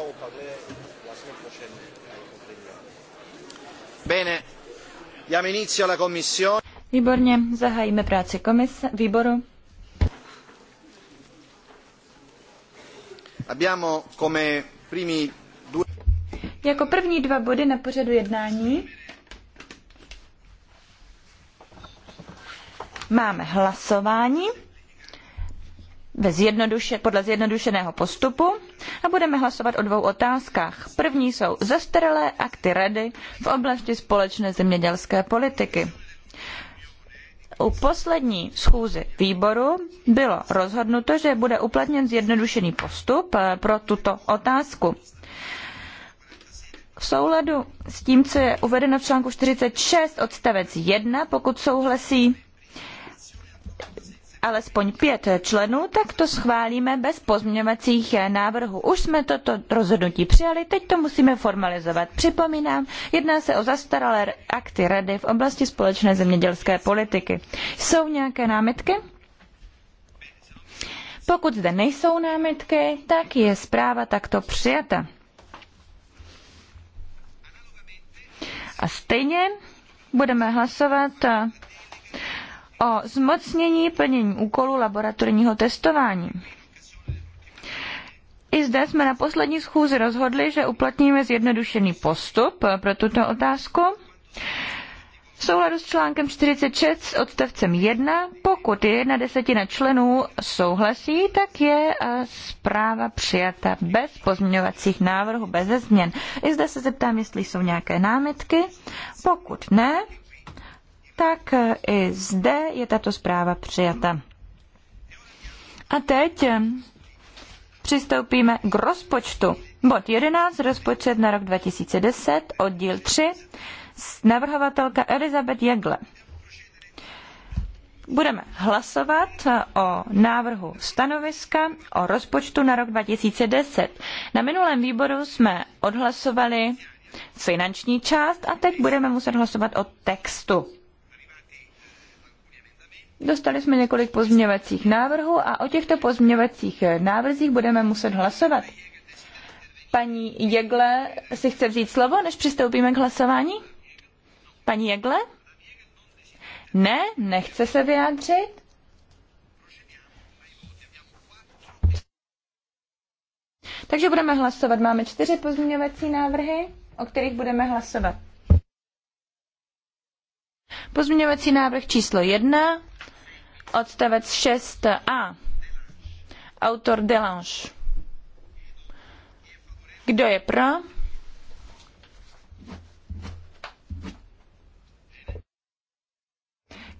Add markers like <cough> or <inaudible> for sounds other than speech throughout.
va en parler la semaine prochaine. Bene. Diamo inizio alla commissione. Výborně, zahájíme práci komise, výboru. Abbiamo come primi due... Jako první dva body na pořadu jednání máme hlasování podle zjednodušeného postupu a budeme hlasovat o dvou otázkách. První jsou zastaralé akty Rady v oblasti společné zemědělské politiky. U poslední schůzy výboru bylo rozhodnuto, že bude uplatněn zjednodušený postup eh, pro tuto otázku. V souladu s tím, co je uvedeno v článku 46 odstavec 1, pokud souhlasí alespoň pět členů, tak to schválíme bez pozměňovacích návrhů. Už jsme toto rozhodnutí přijali, teď to musíme formalizovat. Připomínám, jedná se o zastaralé akty Rady v oblasti společné zemědělské politiky. Jsou nějaké námitky? Pokud zde nejsou námitky, tak je zpráva takto přijata. A stejně budeme hlasovat o zmocnění plnění úkolu laboratorního testování. I zde jsme na poslední schůzi rozhodli, že uplatníme zjednodušený postup pro tuto otázku. V souladu s článkem 46 s odstavcem 1, pokud jedna desetina členů souhlasí, tak je eh, zpráva přijata bez pozměňovacích návrhů, bez změn. I zde se zeptám, jestli jsou nějaké námitky. Pokud ne, tak i zde je tato zpráva přijata. A teď přistoupíme k rozpočtu. Bod 11, rozpočet na rok 2010, oddíl 3, navrhovatelka Elizabeth Jagle. Budeme hlasovat o návrhu stanoviska o rozpočtu na rok 2010. Na minulém výboru jsme odhlasovali finanční část a teď budeme muset hlasovat o textu. Dostali jsme několik pozměňovacích návrhů a o těchto pozměňovacích návrzích budeme muset hlasovat. Paní Jegle si chce vzít slovo, než přistoupíme k hlasování? Paní Jegle? Ne, nechce se vyjádřit? Takže budeme hlasovat. Máme čtyři pozměňovací návrhy, o kterých budeme hlasovat. Pozměňovací návrh číslo jedna odstavec 6a. Autor Delange. Kdo je pro?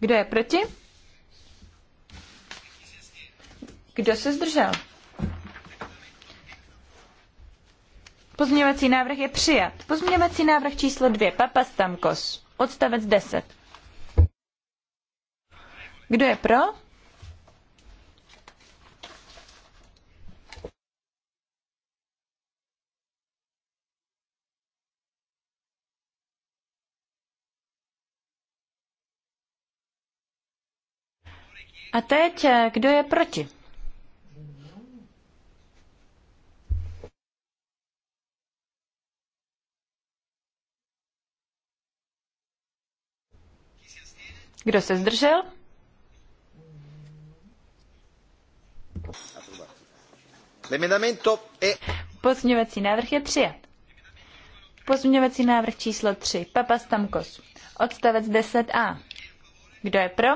Kdo je proti? Kdo se zdržel? Pozměňovací návrh je přijat. Pozměňovací návrh číslo 2. Papastamkos. Odstavec 10. Kdo je pro? A teď, eh, kdo je proti? Kdo se zdržel? Pozměňovací návrh je přijat. Pozměňovací návrh číslo 3. Papa Stamkos. Odstavec 10a. Kdo je pro?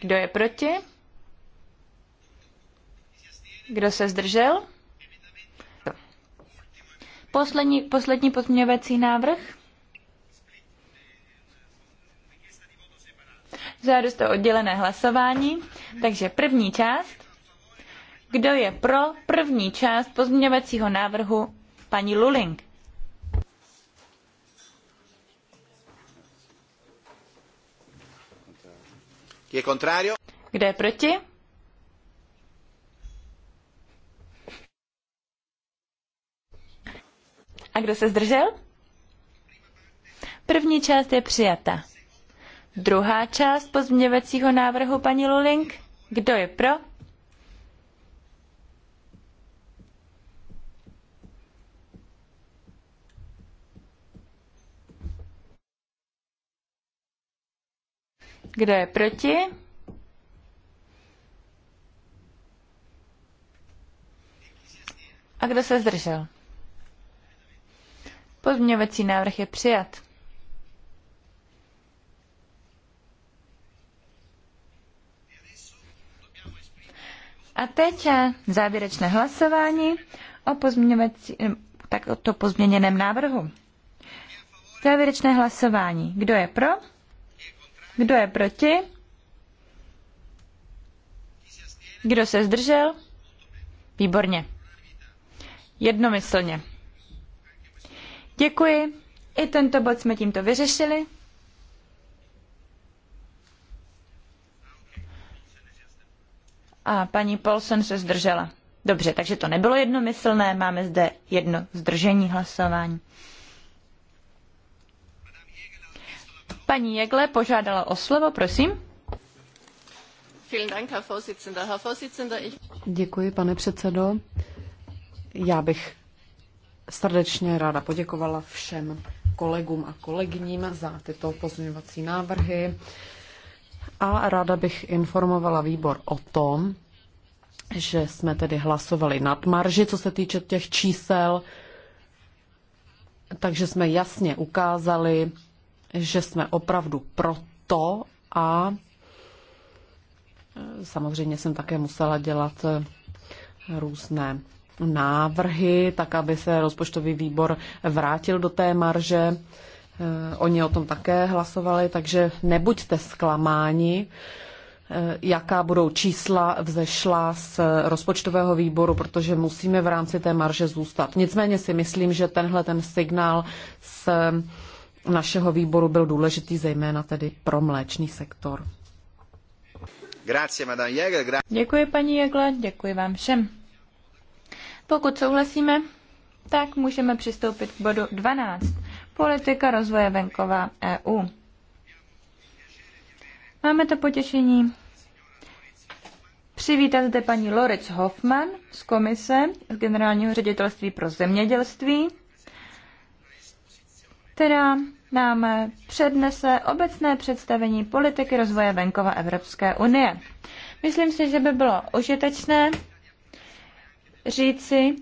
Kdo je proti? Kdo se zdržel? Poslední, poslední pozměňovací návrh. žádost to oddělené hlasování. Takže první část. Kdo je pro první část pozměňovacího návrhu paní Luling? Kdo je proti? A kdo se zdržel? První část je přijata. Druhá část pozměňovacího návrhu paní Lulling. Kdo je pro? Kdo je proti? A kdo se zdržel? Pozměňovací návrh je přijat. A teď eh, závěrečné hlasování o pozměňovací, eh, tak o to pozměněném návrhu. Závěrečné hlasování. Kdo je pro? Kdo je proti? Kdo se zdržel? Výborně. Jednomyslně. Děkuji. I tento bod jsme tímto vyřešili. A paní Paulsen se zdržela. Dobře, takže to nebylo jednomyslné, máme zde jedno zdržení hlasování. Paní Jegle požádala o slovo, prosím. Děkuji, pane předsedo. Já bych srdečně ráda poděkovala všem kolegům a kolegyním za tyto pozměňovací návrhy a ráda bych informovala výbor o tom, že jsme tedy hlasovali nad marži, co se týče těch čísel, takže jsme jasně ukázali, že jsme opravdu proto a e, samozřejmě jsem také musela dělat e, různé návrhy, tak aby se rozpočtový výbor vrátil do té marže. Eh, oni o tom také hlasovali, takže nebuďte zklamáni, eh, jaká budou čísla vzešla z rozpočtového výboru, protože musíme v rámci té marže zůstat. Nicméně si myslím, že tenhle ten signál z našeho výboru byl důležitý, zejména tedy pro mléčný sektor. Děkuji, paní Jegle, děkuji vám všem. Pokud souhlasíme, tak můžeme přistoupit k bodu 12 politika rozvoje venkova EU. Máme to potěšení přivítat zde paní Lorec Hoffman z komise z Generálního ředitelství pro zemědělství, která nám přednese obecné představení politiky rozvoje venkova Evropské unie. Myslím si, že by bylo užitečné říci,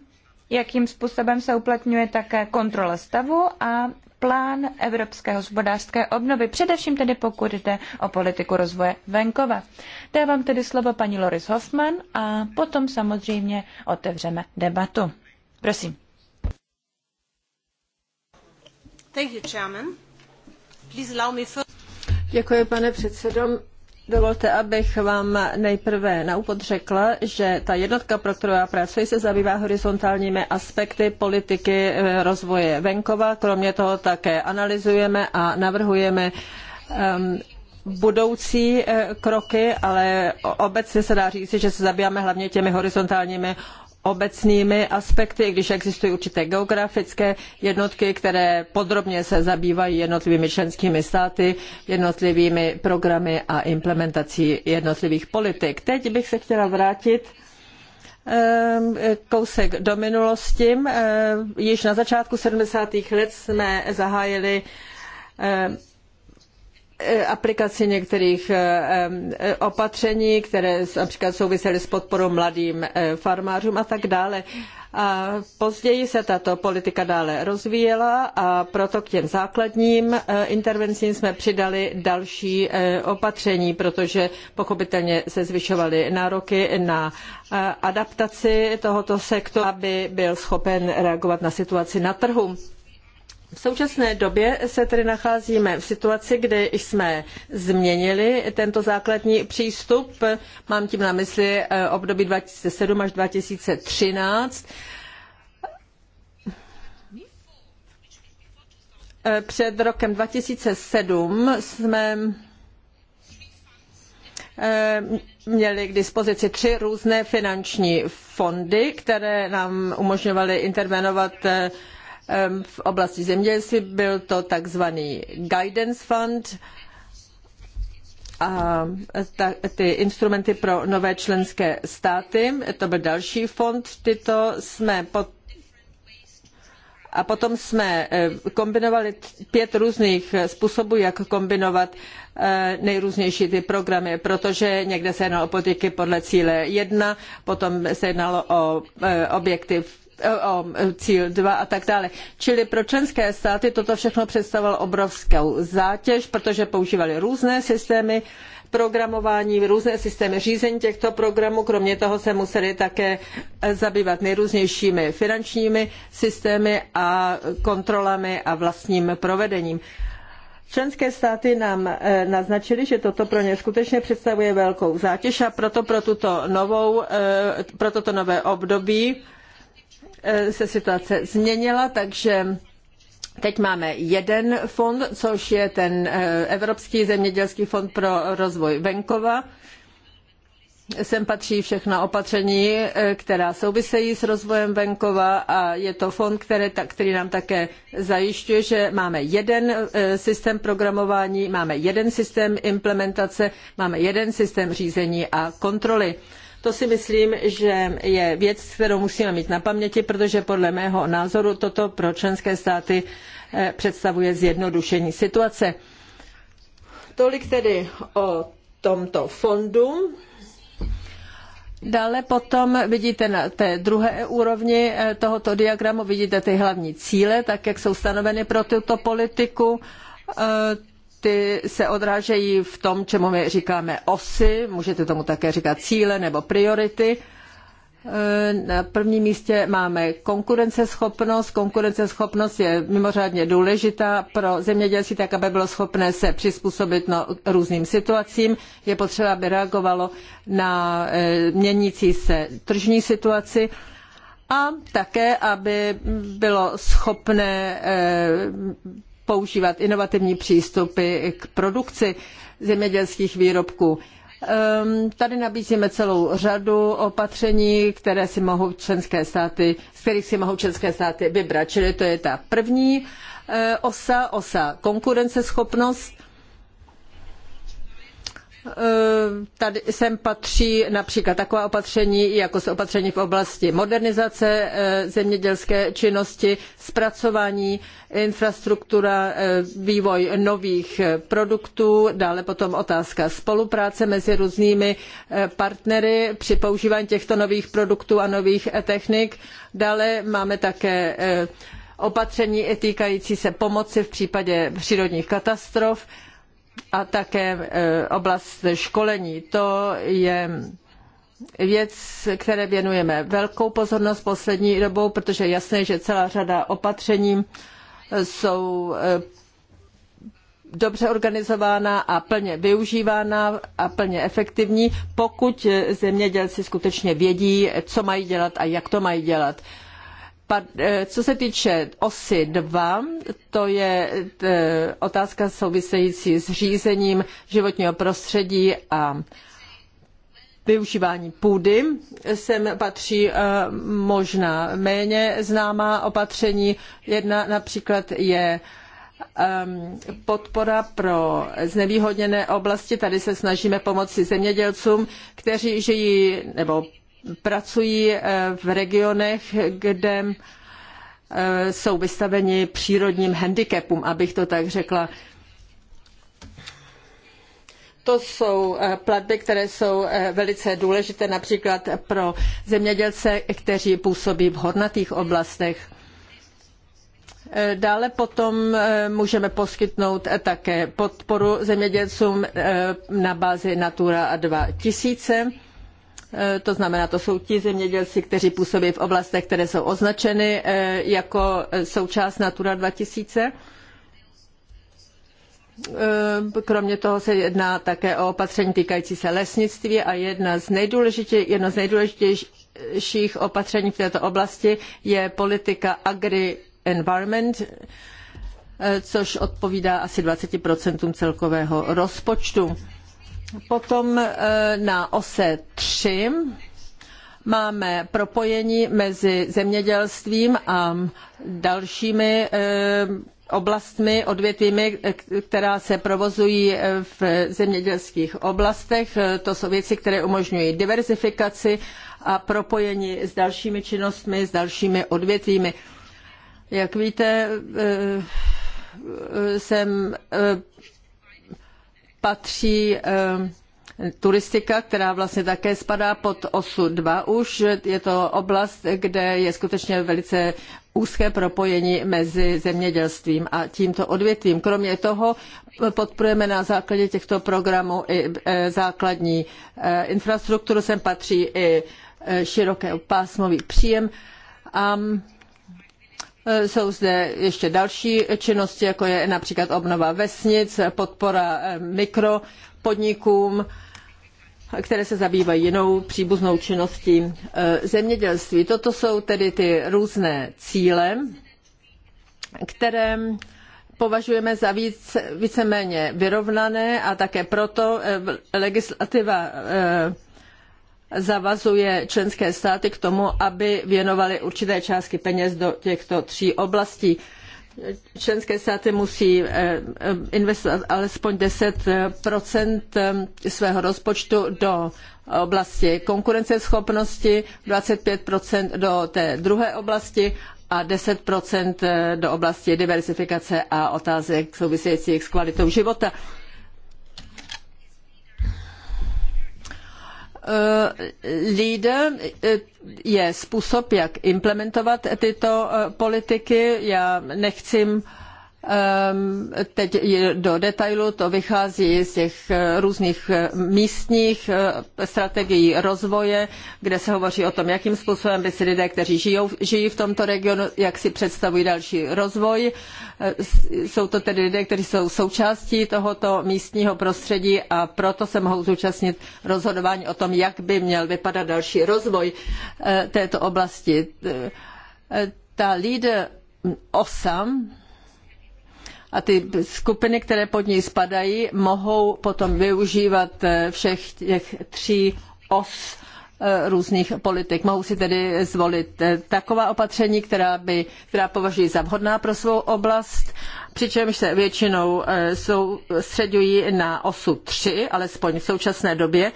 jakým způsobem se uplatňuje také kontrola stavu a plán Evropské hospodářské obnovy, především tedy pokud jde o politiku rozvoje venkova. Dávám tedy slovo paní Loris Hoffman a potom samozřejmě otevřeme debatu. Prosím. Thank you, Chairman. Please allow me first... Děkuji, pane předsedo. Dovolte, abych vám nejprve na úvod řekla, že ta jednotka, pro kterou já pracuji, se zabývá horizontálními aspekty politiky eh, rozvoje venkova. Kromě toho také analyzujeme a navrhujeme um, budoucí eh, kroky, ale obecně se dá říci, že se zabýváme hlavně těmi horizontálními obecnými aspekty, když existují určité geografické jednotky, které podrobně se zabývají jednotlivými členskými státy, jednotlivými programy a implementací jednotlivých politik. Teď bych se chtěla vrátit ehm, kousek do minulosti. Ehm, již na začátku 70. let jsme zahájili ehm, E, aplikaci některých e, e, opatření, které například souvisely s podporou mladým farmářům a tak dále. A později se tato politika dále rozvíjela a proto k těm základním intervencím jsme přidali další opatření, protože pochopitelně se zvyšovaly nároky na adaptaci tohoto sektoru, aby byl schopen reagovat na situaci na trhu. V současné době se tedy nacházíme v situaci, kdy jsme změnili tento základní přístup. Mám tím na mysli eh, období 2007 až 2013. Eh, před rokem 2007 jsme eh, měli k dispozici tři různé finanční fondy, které nám umožňovaly intervenovat v oblasti zemědělství byl to takzvaný Guidance Fund a ty instrumenty pro nové členské státy, to byl další fond, tyto jsme pod a potom jsme eh, kombinovali pět různých způsobů, jak kombinovat eh, nejrůznější ty programy, protože někde se jednalo o podniky podle cíle jedna, potom se jednalo o eh, objekty cíl 2 a tak dále. Čili pro členské státy toto všechno představovalo obrovskou zátěž, protože používali různé systémy programování, různé systémy řízení těchto programů. Kromě toho se museli také zabývat nejrůznějšími finančními systémy a kontrolami a vlastním provedením. Členské státy nám eh, naznačily, že toto pro ně skutečně představuje velkou zátěž a proto pro, tuto novou, eh, pro toto nové období Eh, se situace změnila, takže Teď máme jeden fond, což je ten eh, Evropský zemědělský fond pro rozvoj venkova. Sem patří všechna opatření, eh, která souvisejí s rozvojem venkova a je to fond, který, který nám také zajišťuje, že máme jeden systém programování, máme jeden systém implementace, máme jeden systém řízení a kontroly. To si myslím, že je věc, kterou musíme mít na paměti, protože podle mého názoru toto pro členské státy eh, představuje zjednodušení situace. Tolik tedy o tomto fondu. Dále potom vidíte na té druhé úrovni eh, tohoto diagramu, vidíte ty hlavní cíle, tak jak jsou stanoveny pro tuto politiku eh, ty se odrážejí v tom, čemu my říkáme osy, můžete tomu také říkat cíle nebo priority. E, na prvním místě máme konkurenceschopnost. Konkurenceschopnost je mimořádně důležitá pro zemědělství, tak aby bylo schopné se přizpůsobit no, různým situacím. Je potřeba, aby reagovalo na e, měnící se tržní situaci a také, aby bylo schopné e, používat inovativní přístupy k produkci zemědělských výrobků. Ehm, tady nabízíme celou řadu opatření, které si mohou členské státy, z kterých si mohou členské státy vybrat. Čili to je ta první eh, osa, osa konkurenceschopnost Eh, tady sem patří například taková opatření, jako jsou opatření v oblasti modernizace eh, zemědělské činnosti, zpracování, infrastruktura, eh, vývoj nových produktů, dále potom otázka spolupráce mezi různými partnery při používání těchto nových produktů a nových technik. Dále máme také opatření týkající se pomoci v případě přírodních katastrof a také e, oblast školení. To je věc, které věnujeme velkou pozornost poslední dobou, protože je jasné, že celá řada opatření jsou e, dobře organizována a plně využívána a plně efektivní, pokud e, zemědělci skutečně vědí, co mají dělat a jak to mají dělat. Eh, co se týče osy 2, to je eh, otázka související s řízením životního prostředí a využívání půdy. Sem patří eh, možná méně známá opatření. Jedna například je ehm, podpora pro znevýhodněné oblasti. Tady se snažíme pomoci zemědělcům, kteří žijí nebo pracují eh, v regionech, kde eh, jsou vystaveni přírodním handicapům, abych to tak řekla. To jsou eh, platby, které jsou velice důležité například pro zemědělce, kteří působí v hornatých oblastech. Dále potom můžeme poskytnout také podporu zemědělcům na bázi Natura 2000 Eh, to znamená, to jsou ti zemědělci, kteří působí v oblastech, které jsou označeny eh, jako eh, součást Natura 2000. Kromě toho se jedná také o opatření týkající se lesnictví a jedna z jedno z nejdůležitějších opatření v této oblasti je politika agri-environment, což odpovídá asi 20% celkového rozpočtu. Potom eh, na ose 3 máme propojení mezi zemědělstvím a dalšími eh, oblastmi, odvětvími, eh, která se provozují v zemědělských oblastech. To jsou věci, které umožňují diverzifikaci a propojení s dalšími činnostmi, s dalšími odvětvími. Jak víte, jsem patří ehm, turistika, která vlastně také spadá pod osu 2 už. Je to oblast, kde je skutečně velice úzké propojení mezi zemědělstvím a tímto odvětvím. Kromě toho podporujeme na základě těchto programů i e, základní e, infrastrukturu, sem patří i e, širokopásmový příjem. Um, Eh, jsou zde ještě další činnosti, jako je například obnova vesnic, podpora eh, mikropodnikům, které se zabývají jinou příbuznou činností eh, zemědělství. Toto jsou tedy ty různé cíle, které považujeme za víc, víceméně vyrovnané a také proto legislativa zavazuje členské státy k tomu, aby věnovaly určité částky peněz do těchto tří oblastí. Členské státy musí eh, eh, investovat alespoň 10 eh, svého rozpočtu do oblasti konkurenceschopnosti, 25 do té druhé oblasti a 10 do oblasti diversifikace a otázek souvisejících s kvalitou života. Eh, LEADER eh, je způsob, jak implementovat tyto eh, politiky. Já nechci Ehm, teď do detailu to vychází z těch eh, různých eh, místních eh, strategií rozvoje, kde se hovoří o tom, jakým způsobem by si lidé, kteří žijou, žijí v tomto regionu, jak si představují další rozvoj. Jsou to tedy lidé, kteří jsou součástí tohoto místního prostředí a proto se mohou zúčastnit rozhodování o tom, jak by měl vypadat další rozvoj této oblasti. Ta lídr hm, OSAM, a ty skupiny, které pod něj spadají, mohou potom využívat eh, všech těch tří os eh, různých politik. Mohou si tedy zvolit eh, taková opatření, která, by, která považují za vhodná pro svou oblast, přičemž se většinou soustředují na osu 3, alespoň v současné době,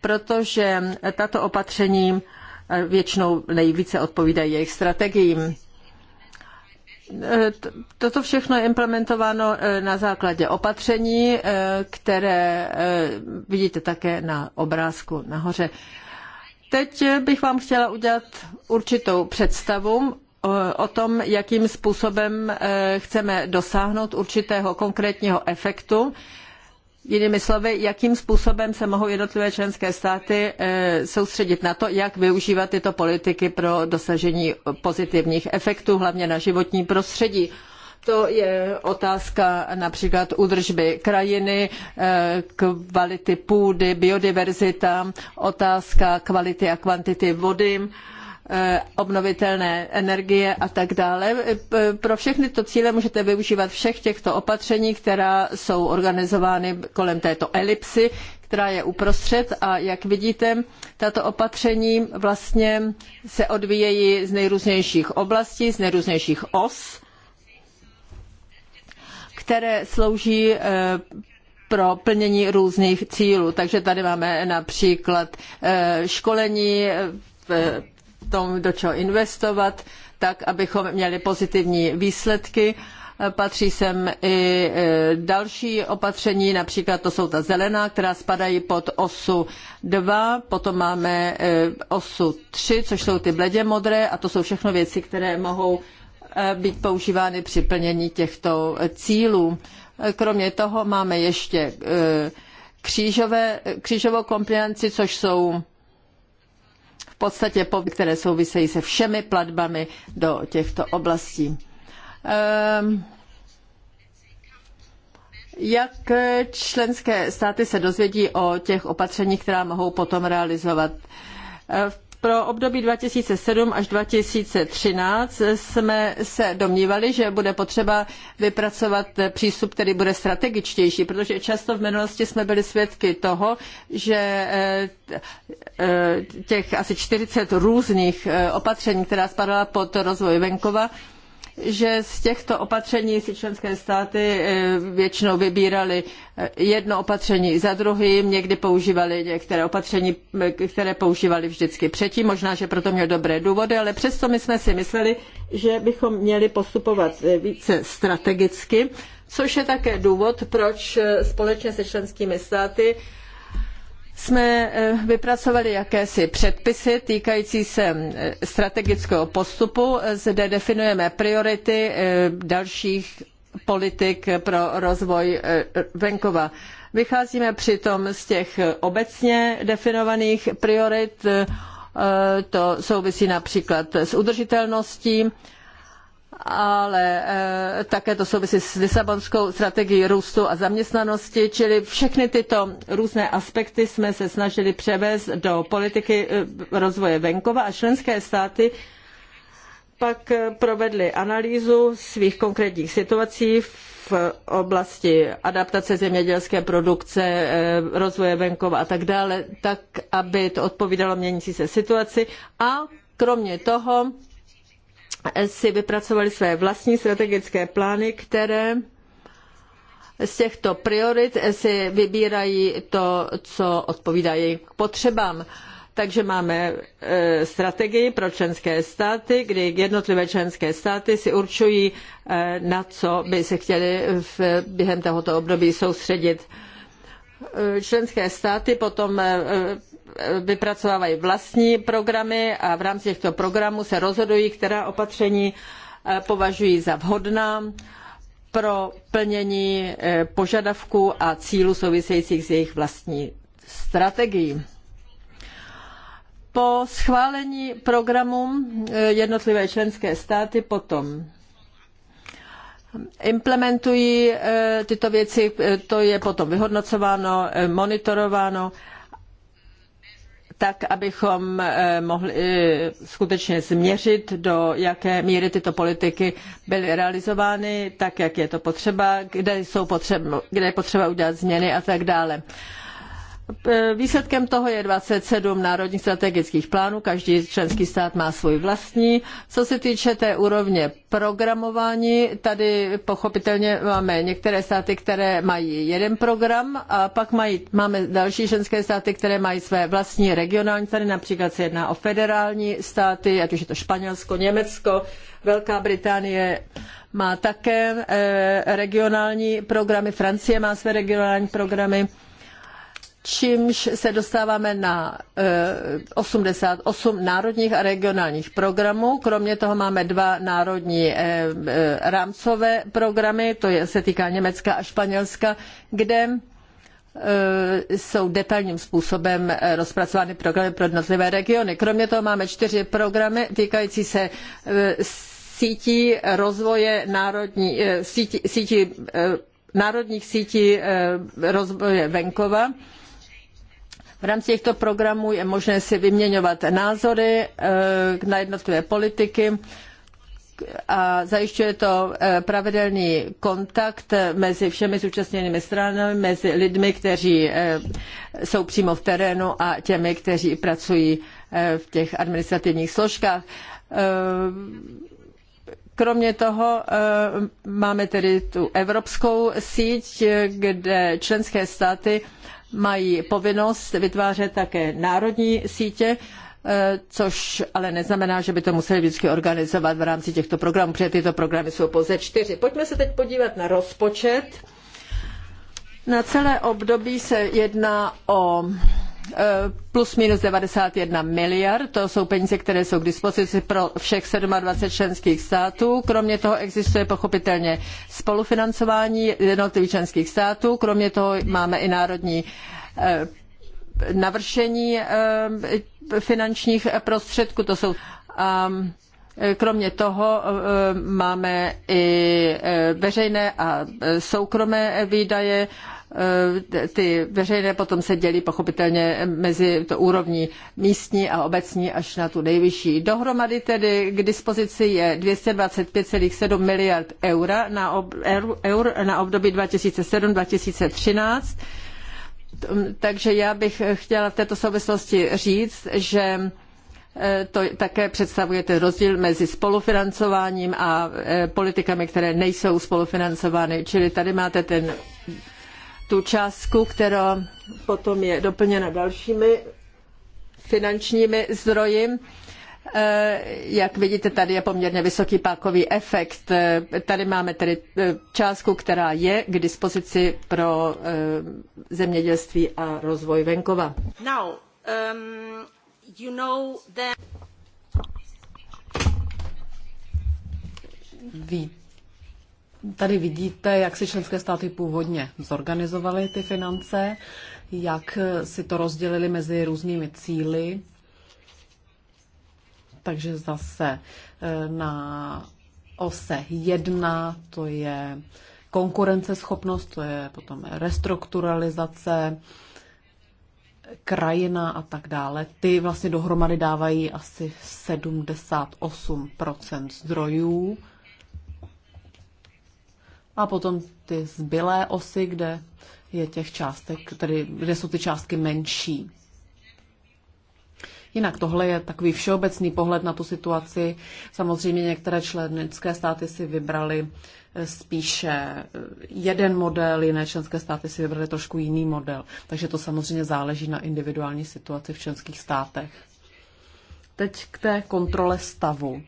protože tato opatření většinou nejvíce odpovídají jejich strategiím. Toto všechno je implementováno e, na základě opatření, e, které e, vidíte také na obrázku nahoře. Teď bych vám chtěla udělat určitou představu o tom, jakým způsobem chceme dosáhnout určitého konkrétního efektu. Jinými slovy, jakým způsobem se mohou jednotlivé členské státy eh, soustředit na to, jak využívat tyto politiky pro dosažení pozitivních efektů, hlavně na životní prostředí. To je otázka například údržby krajiny, eh, kvality půdy, biodiverzita, otázka kvality a kvantity vody, Eh, obnovitelné energie a tak dále. Pro všechny to cíle můžete využívat všech těchto opatření, která jsou organizovány kolem této elipsy, která je uprostřed a jak vidíte, tato opatření vlastně se odvíjejí z nejrůznějších oblastí, z nejrůznějších os, které slouží eh, pro plnění různých cílů. Takže tady máme například eh, školení tom, do čeho investovat, tak abychom měli pozitivní výsledky. Patří sem i e, další opatření, například to jsou ta zelená, která spadají pod osu 2, potom máme e, osu 3, což jsou ty bledě modré a to jsou všechno věci, které mohou e, být používány při plnění těchto cílů. Kromě toho máme ještě křížové, křížovou komplianci, což jsou podstatě, které souvisejí se všemi platbami do těchto oblastí. Ehm, jak členské státy se dozvědí o těch opatřeních, která mohou potom realizovat? Eh, v pro období 2007 až 2013 jsme se domnívali, že bude potřeba vypracovat přístup, který bude strategičtější, protože často v minulosti jsme byli svědky toho, že eh, eh, těch asi 40 různých eh, opatření, která spadala pod rozvoj venkova, že z těchto opatření si členské státy eh, většinou vybírali eh, jedno opatření za druhým, někdy používali některé opatření, eh, které používali vždycky předtím, možná, že proto měl dobré důvody, ale přesto my jsme si mysleli, že bychom měli postupovat více strategicky, což je také důvod, proč společně se členskými státy jsme eh, vypracovali jakési předpisy týkající se eh, strategického postupu. Zde definujeme priority eh, dalších politik pro rozvoj venkova. Vycházíme přitom z těch obecně definovaných priorit, to souvisí například s udržitelností, ale eh, také to souvisí s Lisabonskou strategií růstu a zaměstnanosti, čili všechny tyto různé aspekty jsme se snažili převést do politiky eh, rozvoje venkova a členské státy pak eh, provedly analýzu svých konkrétních situací v oblasti adaptace zemědělské produkce, rozvoje venkova a tak dále, tak, aby to odpovídalo měnící se situaci a kromě toho si vypracovali své vlastní strategické plány, které z těchto priorit si vybírají to, co odpovídá jejich potřebám. Takže máme e, strategii pro členské státy, kdy jednotlivé členské státy si určují, e, na co by se chtěli v, během tohoto období soustředit. E, členské státy potom vypracovávají vlastní programy a v rámci těchto programů se rozhodují, která opatření eh, považují za vhodná pro plnění eh, požadavků a cílů souvisejících s jejich vlastní strategií. Po schválení programu eh, jednotlivé členské státy potom implementují tyto věci, to je potom vyhodnocováno, monitorováno tak abychom eh, mohli eh, skutečně změřit, do jaké míry tyto politiky byly realizovány, tak jak je to potřeba, kde, jsou potřeba, kde je potřeba udělat změny a tak dále. Výsledkem toho je 27 národních strategických plánů, každý členský stát má svůj vlastní. Co se týče té úrovně programování, tady pochopitelně máme některé státy, které mají jeden program a pak mají, máme další členské státy, které mají své vlastní regionální. Tady například se jedná o federální státy, ať už je to Španělsko, Německo, Velká Británie má také eh, regionální programy, Francie má své regionální programy čímž se dostáváme na 88 eh, národních a regionálních programů. Kromě toho máme dva národní eh, eh, rámcové programy, to je, se týká Německa a Španělska, kde jsou detailním způsobem rozpracovány programy pro jednotlivé regiony. Kromě toho máme čtyři programy týkající se sítí rozvoje národní, sítí, sítí národních sítí rozvoje venkova v rámci těchto programů je možné si vyměňovat názory eh, na jednotlivé politiky a zajišťuje to eh, pravidelný kontakt mezi všemi zúčastněnými stranami, mezi lidmi, kteří eh, jsou přímo v terénu a těmi, kteří pracují v těch administrativních složkách. Kromě toho máme tedy tu evropskou síť, kde členské státy mají povinnost vytvářet také národní sítě, eh, což ale neznamená, že by to museli vždycky organizovat v rámci těchto programů, protože tyto programy jsou pouze čtyři. Pojďme se teď podívat na rozpočet. Na celé období se jedná o Eh, plus minus 91 miliard, to jsou peníze, které jsou k dispozici pro všech 27 členských států. Kromě toho existuje pochopitelně spolufinancování jednotlivých členských států, kromě toho máme i národní eh, navršení eh, finančních prostředků, to jsou Kromě toho máme i veřejné a soukromé výdaje. Eh, ty veřejné potom se dělí pochopitelně mezi to úrovní místní a obecní až na tu nejvyšší. Dohromady tedy k dispozici je 225,7 miliard eura na, ob, er, eur na období 2007-2013. Takže já bych chtěla v této souvislosti říct, že eh, to také představuje ten rozdíl mezi spolufinancováním a eh, politikami, které nejsou spolufinancovány. Čili tady máte ten tu částku, která potom je doplněna dalšími finančními zdroji. Eh, jak vidíte, tady je poměrně vysoký pákový efekt. Eh, tady máme tedy eh, částku, která je k dispozici pro zemědělství a rozvoj venkova. Now, um, you know that tady vidíte, jak si členské státy původně zorganizovaly ty finance, jak si to rozdělili mezi různými cíly. Takže zase eh, na ose 1 to je konkurenceschopnost, to je potom restrukturalizace, krajina a tak dále. Ty vlastně dohromady dávají asi 78 zdrojů a potom ty zbylé osy, kde je těch částek, tedy kde jsou ty částky menší. Jinak tohle je takový všeobecný pohled na tu situaci. Samozřejmě některé členské státy si vybrali eh, spíše eh, jeden model, jiné členské státy si vybrali trošku jiný model. Takže to samozřejmě záleží na individuální situaci v členských státech. Teď k té kontrole stavu.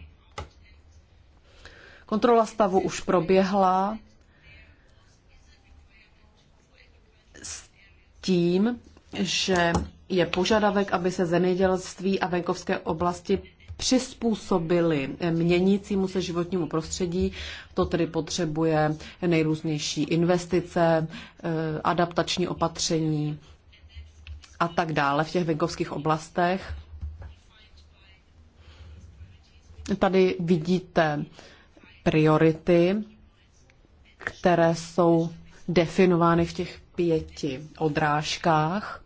Kontrola stavu už proběhla tím, že je požadavek, aby se zemědělství a venkovské oblasti přizpůsobili měnícímu se životnímu prostředí. To tedy potřebuje nejrůznější investice, eh, adaptační opatření a tak dále v těch venkovských oblastech. Tady vidíte priority, které jsou definovány v těch pěti odrážkách.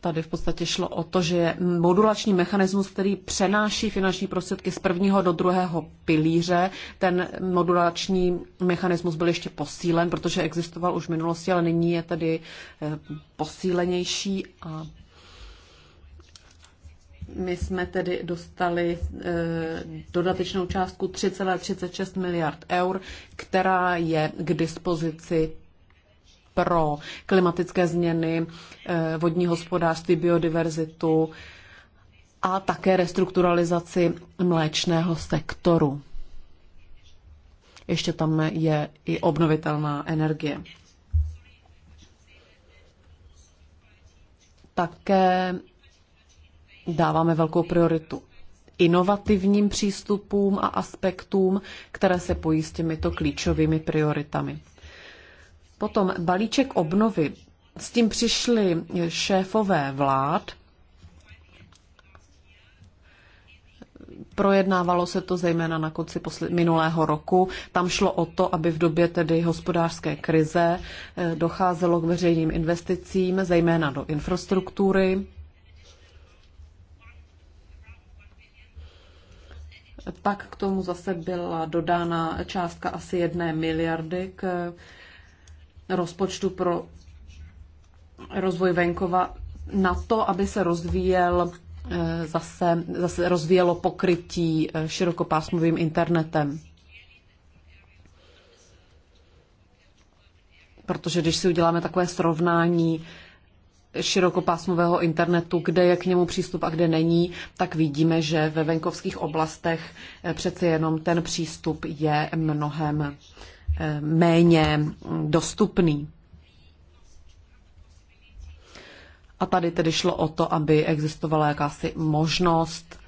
Tady v podstatě šlo o to, že je modulační mechanismus, který přenáší finanční prostředky z prvního do druhého pilíře. Ten modulační mechanismus byl ještě posílen, protože existoval už v minulosti, ale nyní je tedy eh, posílenější a my jsme tedy dostali eh, dodatečnou částku 3,36 miliard eur, která je k dispozici pro klimatické změny, eh, vodní hospodářství, biodiverzitu a také restrukturalizaci mléčného sektoru. Ještě tam je i obnovitelná energie. Také dáváme velkou prioritu inovativním přístupům a aspektům, které se pojí s těmito klíčovými prioritami. Potom balíček obnovy. S tím přišli šéfové vlád. Projednávalo se to zejména na konci minulého roku. Tam šlo o to, aby v době tedy hospodářské krize eh, docházelo k veřejným investicím, zejména do infrastruktury Pak k tomu zase byla dodána částka asi jedné miliardy k rozpočtu pro rozvoj venkova na to, aby se rozvíjel eh, zase, zase rozvíjelo pokrytí eh, širokopásmovým internetem. Protože když si uděláme takové srovnání širokopásmového internetu, kde je k němu přístup a kde není, tak vidíme, že ve venkovských oblastech eh, přece jenom ten přístup je mnohem eh, méně mm, dostupný. A tady tedy šlo o to, aby existovala jakási možnost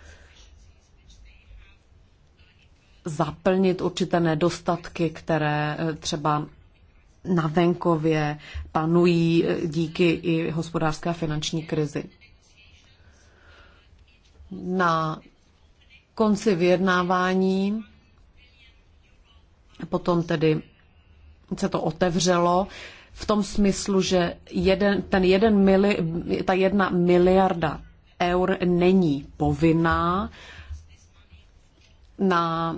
zaplnit určité nedostatky, které eh, třeba na venkově panují díky i hospodářské a finanční krizi. Na konci vyjednávání potom tedy se to otevřelo v tom smyslu, že jeden, ten jeden mili, ta jedna miliarda eur není povinná na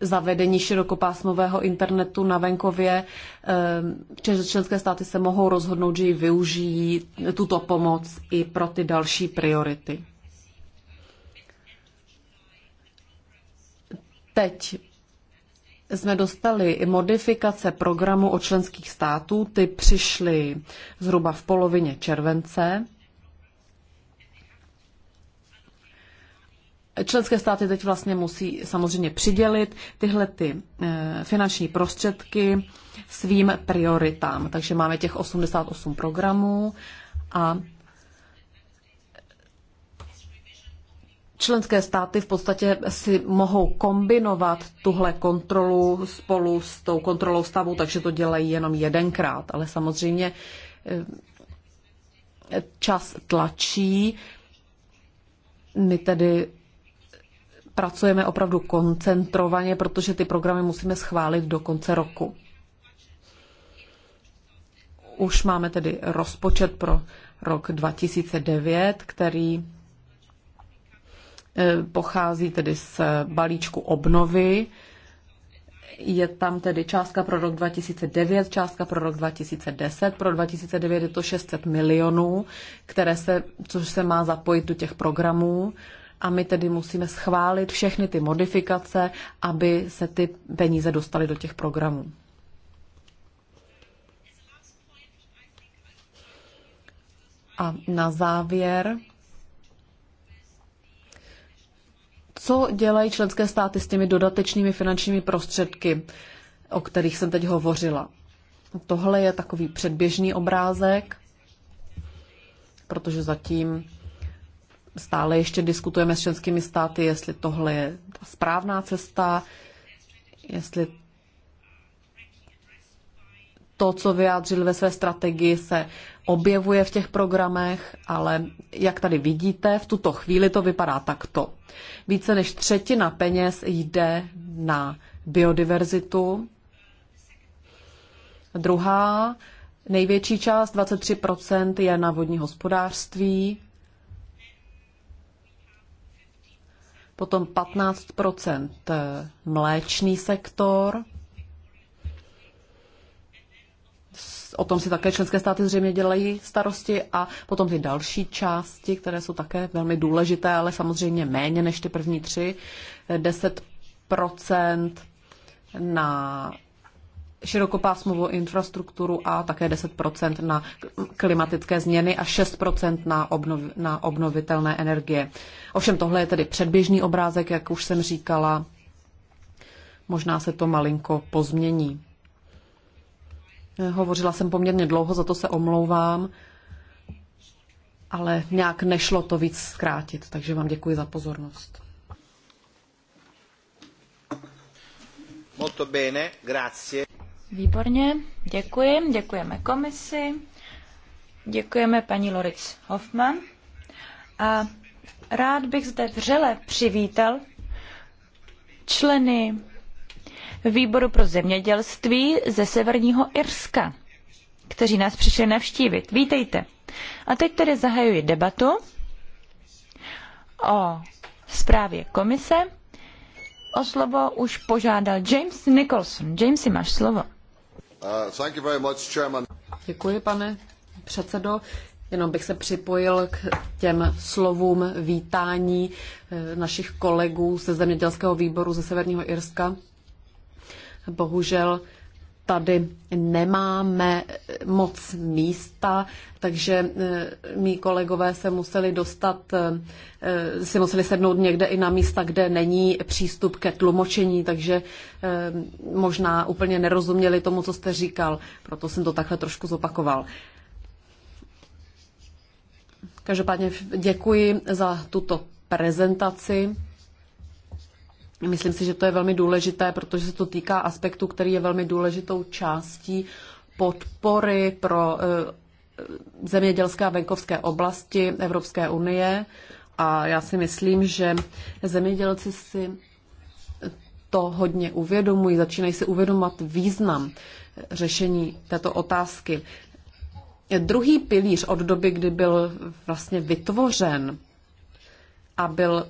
zavedení širokopásmového internetu na venkově. Ehm, členské státy se mohou rozhodnout, že ji využijí tuto pomoc i pro ty další priority. Teď jsme dostali i modifikace programu od členských států. Ty přišly zhruba v polovině července. Členské státy teď vlastně musí samozřejmě přidělit tyhle ty e, finanční prostředky svým prioritám. Takže máme těch 88 programů a členské státy v podstatě si mohou kombinovat tuhle kontrolu spolu s tou kontrolou stavu, takže to dělají jenom jedenkrát. Ale samozřejmě e, čas tlačí. My tedy pracujeme opravdu koncentrovaně, protože ty programy musíme schválit do konce roku. Už máme tedy rozpočet pro rok 2009, který eh, pochází tedy z balíčku obnovy. Je tam tedy částka pro rok 2009, částka pro rok 2010. Pro 2009 je to 600 milionů, které se, což se má zapojit do těch programů a my tedy musíme schválit všechny ty modifikace, aby se ty peníze dostaly do těch programů. A na závěr, co dělají členské státy s těmi dodatečnými finančními prostředky, o kterých jsem teď hovořila? Tohle je takový předběžný obrázek, protože zatím stále ještě diskutujeme s členskými státy, jestli tohle je ta správná cesta, jestli to, co vyjádřil ve své strategii, se objevuje v těch programech, ale jak tady vidíte, v tuto chvíli to vypadá takto. Více než třetina peněz jde na biodiverzitu. Druhá největší část, 23%, je na vodní hospodářství. potom 15 eh, mléčný sektor. O tom si také členské státy zřejmě dělají starosti a potom ty další části, které jsou také velmi důležité, ale samozřejmě méně než ty první tři, 10 eh, na širokopásmovou infrastrukturu a také 10 na klimatické změny a 6 na, obnov, na obnovitelné energie. Ovšem tohle je tedy předběžný obrázek, jak už jsem říkala. Možná se to malinko pozmění. Hovořila jsem poměrně dlouho, za to se omlouvám, ale nějak nešlo to víc zkrátit, takže vám děkuji za pozornost. Molto bene, grazie. Výborně, děkuji. Děkujeme komisi. Děkujeme paní Loric Hoffman. A rád bych zde vřele přivítal členy výboru pro zemědělství ze Severního Irska, kteří nás přišli navštívit. Vítejte. A teď tedy zahajuji debatu o zprávě komise. O slovo už požádal James Nicholson. James, máš slovo. Uh, Děkuji, pane předsedo. Jenom bych se připojil k těm slovům vítání eh, našich kolegů ze zemědělského výboru ze Severního Irska. Bohužel tady nemáme moc místa, takže e, mý kolegové se museli dostat, e, e, si museli sednout někde i na místa, kde není přístup ke tlumočení, takže možná úplně nerozuměli tomu, co jste říkal, proto jsem to takhle trošku zopakoval. Každopádně děkuji za tuto prezentaci. Myslím si, že to je velmi důležité, protože se to týká aspektu, který je velmi důležitou částí podpory pro eh, zemědělské a venkovské oblasti Evropské unie. A já si myslím, že zemědělci si to hodně uvědomují, začínají si uvědomovat význam řešení této otázky. Druhý pilíř od doby, kdy byl vlastně vytvořen, a byl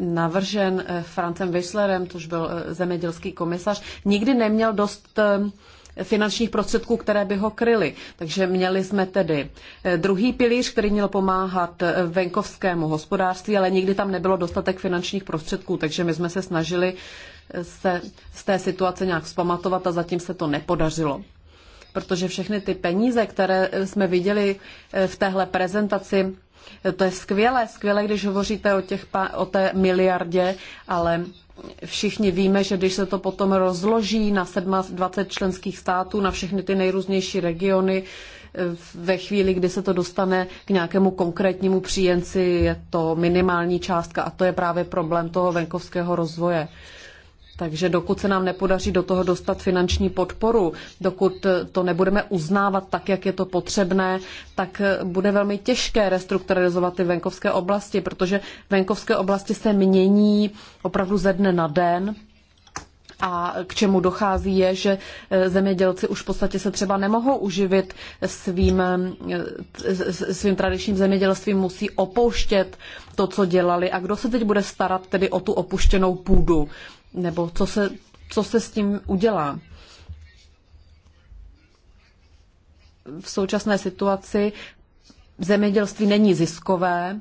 navržen eh, Francem Wischlerem, což byl eh, zemědělský komisař, nikdy neměl dost eh, finančních prostředků, které by ho kryly. Takže měli jsme tedy druhý pilíř, který měl pomáhat venkovskému hospodářství, ale nikdy tam nebylo dostatek finančních prostředků, takže my jsme se snažili se z té situace nějak zpamatovat a zatím se to nepodařilo. Protože všechny ty peníze, které jsme viděli v téhle prezentaci, to je skvělé, skvělé, když hovoříte o, těch, o té miliardě, ale všichni víme, že když se to potom rozloží na 27 členských států, na všechny ty nejrůznější regiony, eh, ve chvíli, kdy se to dostane k nějakému konkrétnímu příjemci, je to minimální částka a to je právě problém toho venkovského rozvoje. Takže dokud se nám nepodaří do toho dostat finanční podporu, dokud to nebudeme uznávat tak, jak je to potřebné, tak bude velmi těžké restrukturalizovat ty venkovské oblasti, protože venkovské oblasti se mění opravdu ze dne na den. A k čemu dochází je, že eh, zemědělci už v podstatě se třeba nemohou uživit svým, eh, svým tradičním zemědělstvím, musí opouštět to, co dělali. A kdo se teď bude starat tedy o tu opuštěnou půdu? nebo co se, co se s tím udělá. V současné situaci zemědělství není ziskové.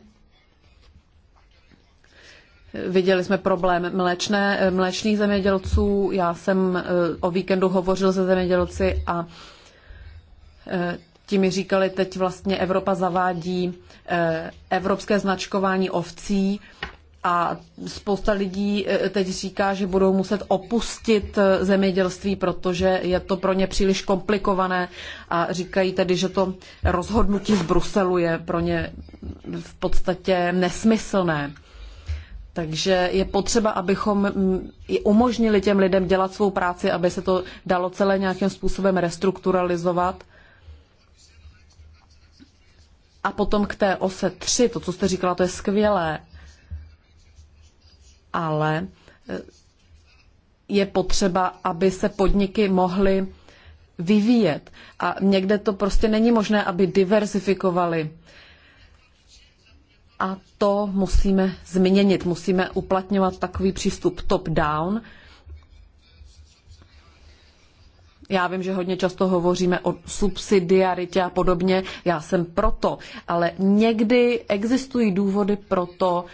Viděli jsme problém mléčné, mléčných zemědělců. Já jsem eh, o víkendu hovořil se zemědělci a eh, ti mi říkali, teď vlastně Evropa zavádí eh, evropské značkování ovcí a spousta lidí e, teď říká, že budou muset opustit e, zemědělství, protože je to pro ně příliš komplikované a říkají tedy, že to rozhodnutí z Bruselu je pro ně v podstatě nesmyslné. Takže je potřeba, abychom i umožnili těm lidem dělat svou práci, aby se to dalo celé nějakým způsobem restrukturalizovat. A potom k té ose 3, to, co jste říkala, to je skvělé ale eh, je potřeba, aby se podniky mohly vyvíjet. A někde to prostě není možné, aby diverzifikovali. A to musíme změnit. Musíme uplatňovat takový přístup top-down. Já vím, že hodně často hovoříme o subsidiaritě a podobně. Já jsem proto, ale někdy existují důvody pro to,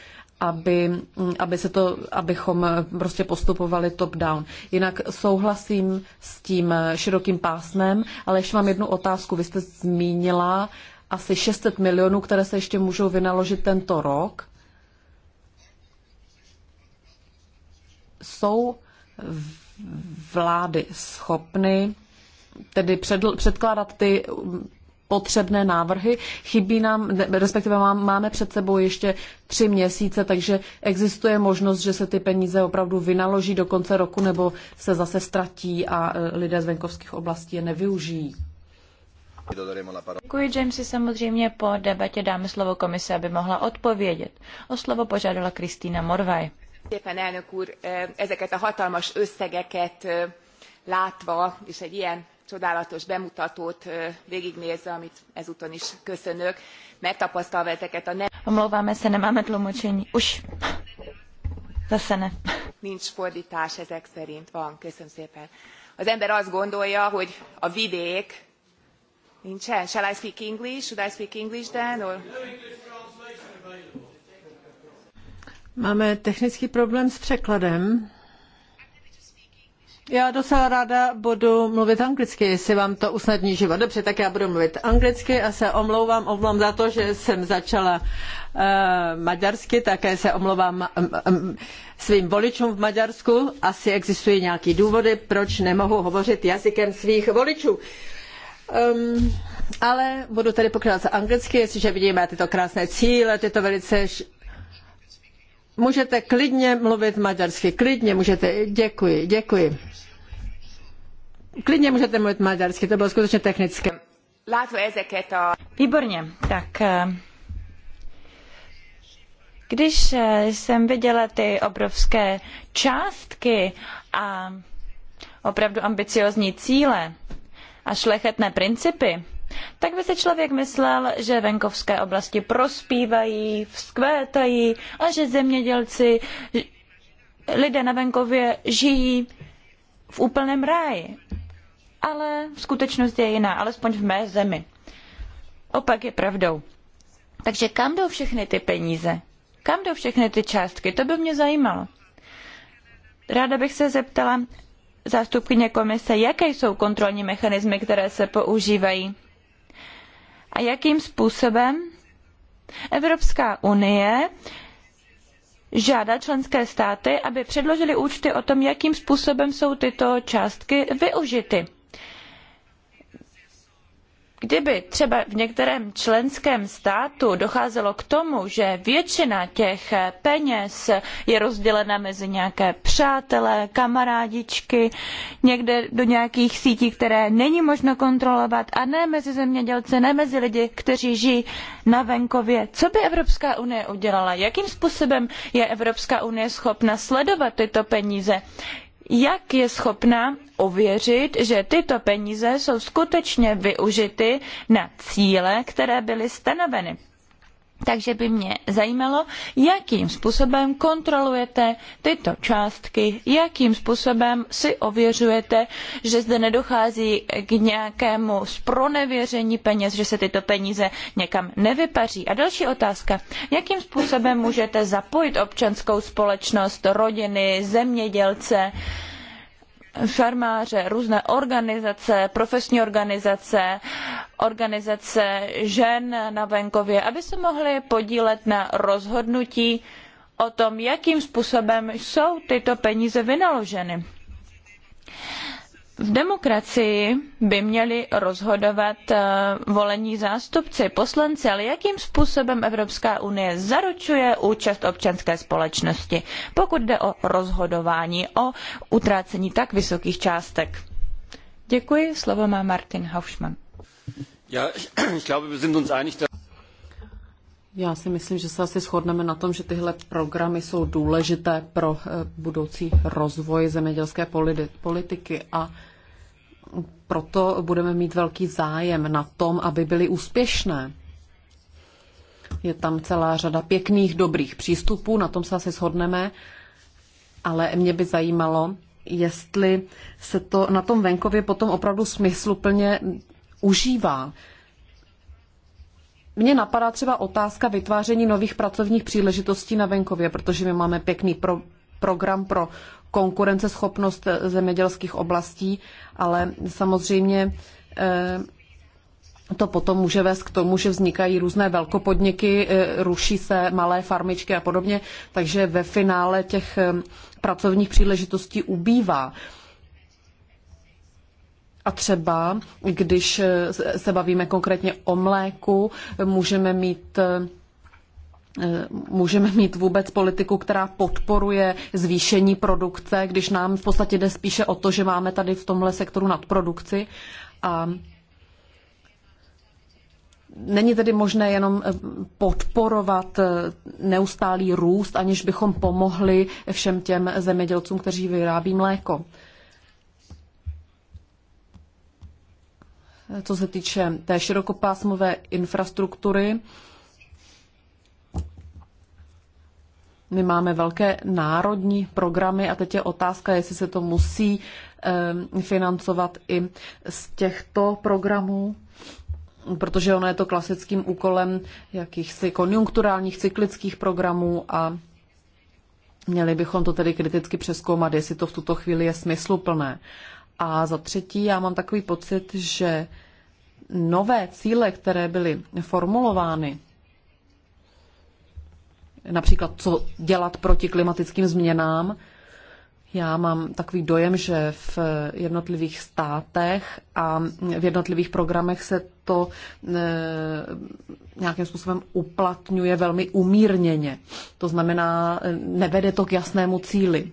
aby, aby se to, abychom prostě postupovali top-down. Jinak souhlasím s tím širokým pásmem, ale ještě mám jednu otázku. Vy jste zmínila asi 600 milionů, které se ještě můžou vynaložit tento rok. Jsou vlády schopny tedy předl, předkládat ty potřebné návrhy. Chybí nám, respektive máme před sebou ještě tři měsíce, takže existuje možnost, že se ty peníze opravdu vynaloží do konce roku nebo se zase ztratí a e, lidé z venkovských oblastí je nevyužijí. Děkuji, Jamesi. Samozřejmě po debatě dáme slovo komise, aby mohla odpovědět. O slovo požádala Kristýna Morvaj. Děkuji, e, hatalmas e, látva, és egy ilyen csodálatos bemutatót végignézve amit ezúton is köszönök megtapasztalva ezeket a Nincs ezek szerint. Van, köszönöm szépen. Az ember azt gondolja, hogy a vidék... Nincsen? Shall I speak English? Should I speak English then? Or... Máme technický problém s překladem. Já docela ráda budu mluvit anglicky, jestli vám to usnadní život. Dobře, tak já budu mluvit anglicky a se omlouvám, omlouvám za to, že jsem začala uh, maďarsky, také se omlouvám um, svým voličům v Maďarsku. Asi existují nějaký důvody, proč nemohu hovořit jazykem svých voličů. Um, ale budu tady pokračovat anglicky, jestliže vidíme tyto krásné cíle, tyto velice Můžete klidně mluvit maďarsky, klidně můžete, děkuji, děkuji. Klidně můžete mluvit maďarsky, to bylo skutečně technické. Výborně, tak eh, když eh, jsem viděla ty obrovské částky a opravdu ambiciózní cíle a šlechetné principy, tak by si člověk myslel, že venkovské oblasti prospívají, vzkvétají a že zemědělci, lidé na venkově žijí v úplném ráji. Ale skutečnost je jiná, alespoň v mé zemi. Opak je pravdou. Takže kam jdou všechny ty peníze? Kam jdou všechny ty částky? To by mě zajímalo. Ráda bych se zeptala zástupkyně komise, jaké jsou kontrolní mechanismy, které se používají a jakým způsobem Evropská unie žádá členské státy, aby předložili účty o tom, jakým způsobem jsou tyto částky využity. Kdyby třeba v některém členském státu docházelo k tomu, že většina těch peněz je rozdělena mezi nějaké přátelé, kamarádičky, někde do nějakých sítí, které není možno kontrolovat, a ne mezi zemědělce, ne mezi lidi, kteří žijí na venkově. Co by Evropská unie udělala? Jakým způsobem je Evropská unie schopna sledovat tyto peníze? jak je schopna ověřit, že tyto peníze jsou skutečně využity na cíle, které byly stanoveny. Takže by mě zajímalo, jakým způsobem kontrolujete tyto částky, jakým způsobem si ověřujete, že zde nedochází k nějakému spronevěření peněz, že se tyto peníze někam nevypaří. A další otázka, jakým způsobem můžete zapojit občanskou společnost, rodiny, zemědělce, farmáře, různé organizace, profesní organizace, organizace žen na venkově, aby se mohli podílet na rozhodnutí o tom, jakým způsobem jsou tyto peníze vynaloženy. V demokracii by měli rozhodovat eh, volení zástupci, poslanci, ale jakým způsobem Evropská unie zaručuje účast občanské společnosti, pokud jde o rozhodování, o utrácení tak vysokých částek? Děkuji, slovo má Martin Hausmann. <clears throat> Já si myslím, že se asi shodneme na tom, že tyhle programy jsou důležité pro eh, budoucí rozvoj zemědělské politiky a proto budeme mít velký zájem na tom, aby byly úspěšné. Je tam celá řada pěkných, dobrých přístupů, na tom se asi shodneme, ale mě by zajímalo, jestli se to na tom venkově potom opravdu smysluplně užívá. Mně napadá třeba otázka vytváření nových pracovních příležitostí na venkově, protože my máme pěkný pro, program pro konkurenceschopnost zemědělských oblastí, ale samozřejmě eh, to potom může vést k tomu, že vznikají různé velkopodniky, eh, ruší se malé farmičky a podobně, takže ve finále těch eh, pracovních příležitostí ubývá. A třeba, když se bavíme konkrétně o mléku, můžeme mít Eh, můžeme mít vůbec politiku, která podporuje zvýšení produkce, když nám v podstatě jde spíše o to, že máme tady v tomhle sektoru nadprodukci a Není tedy možné jenom eh, podporovat eh, neustálý růst, aniž bychom pomohli všem těm zemědělcům, kteří vyrábí mléko. Co se týče té širokopásmové infrastruktury, My máme velké národní programy a teď je otázka, jestli se to musí financovat i z těchto programů, protože ono je to klasickým úkolem jakýchsi konjunkturálních cyklických programů a měli bychom to tedy kriticky přeskoumat, jestli to v tuto chvíli je smysluplné. A za třetí, já mám takový pocit, že nové cíle, které byly formulovány, například co dělat proti klimatickým změnám. Já mám takový dojem, že v jednotlivých státech a v jednotlivých programech se to eh, nějakým způsobem uplatňuje velmi umírněně. To znamená, eh, nevede to k jasnému cíli.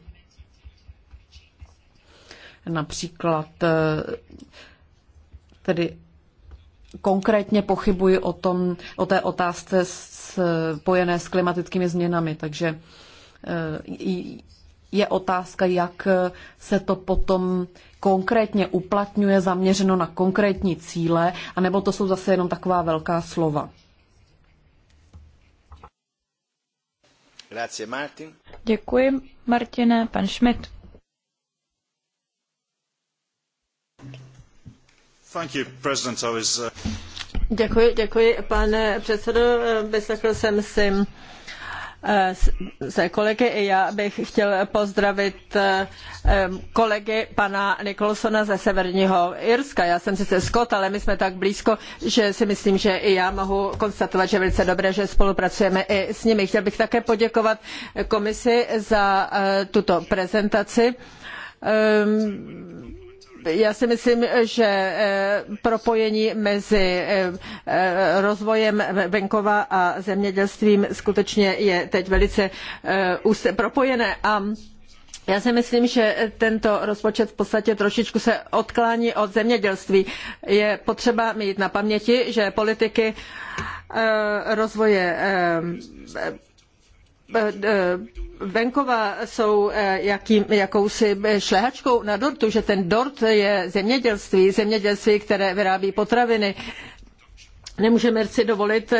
Například eh, tedy konkrétně pochybuji o, tom, o té otázce spojené s klimatickými změnami. Takže e, je otázka, jak se to potom konkrétně uplatňuje, zaměřeno na konkrétní cíle, anebo to jsou zase jenom taková velká slova. Děkuji, Martine. Pan Schmidt. Uh, děkuji, pane předsedající Vyslechl jsem si eh, se kolegy i já bych chtěl pozdravit eh, eh, kolegy pana Nicholsona ze Severního Irska. Já jsem sice Skot, ale my jsme tak blízko, že si myslím, že i já mohu konstatovat, že je velice dobré, že spolupracujeme i s nimi. Chtěl bych také poděkovat komisi za tuto prezentaci. Ehm, já si myslím, že e, propojení mezi e, e, rozvojem venkova a zemědělstvím skutečně je teď velice úzce propojené a já si myslím, že tento rozpočet v podstatě trošičku se odklání od zemědělství. Je potřeba mít na paměti, že politiky rozvoje Eh, eh, venkova jsou eh, jakým, jakousi šlehačkou na dortu, že ten dort je zemědělství, zemědělství, které vyrábí potraviny. Nemůžeme si dovolit,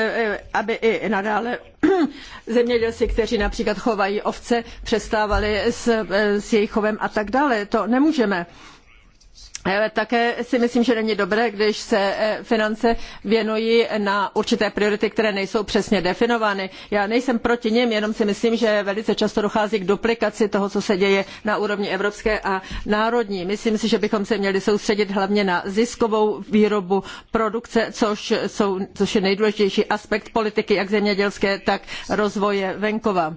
aby i nadále <clears throat> zemědělci, kteří například chovají ovce, přestávali s, s jejich chovem a tak dále. To nemůžeme. Uh, Eh, také si myslím, že není dobré, když se eh, finance věnují na určité priority, které nejsou přesně definovány. Já nejsem proti nim, jenom si myslím, že velice často dochází k duplikaci toho, co se děje na úrovni evropské a národní. Myslím si, že bychom se měli soustředit hlavně na ziskovou výrobu produkce, což, jsou, což je nejdůležitější aspekt politiky, jak zemědělské, tak rozvoje venkova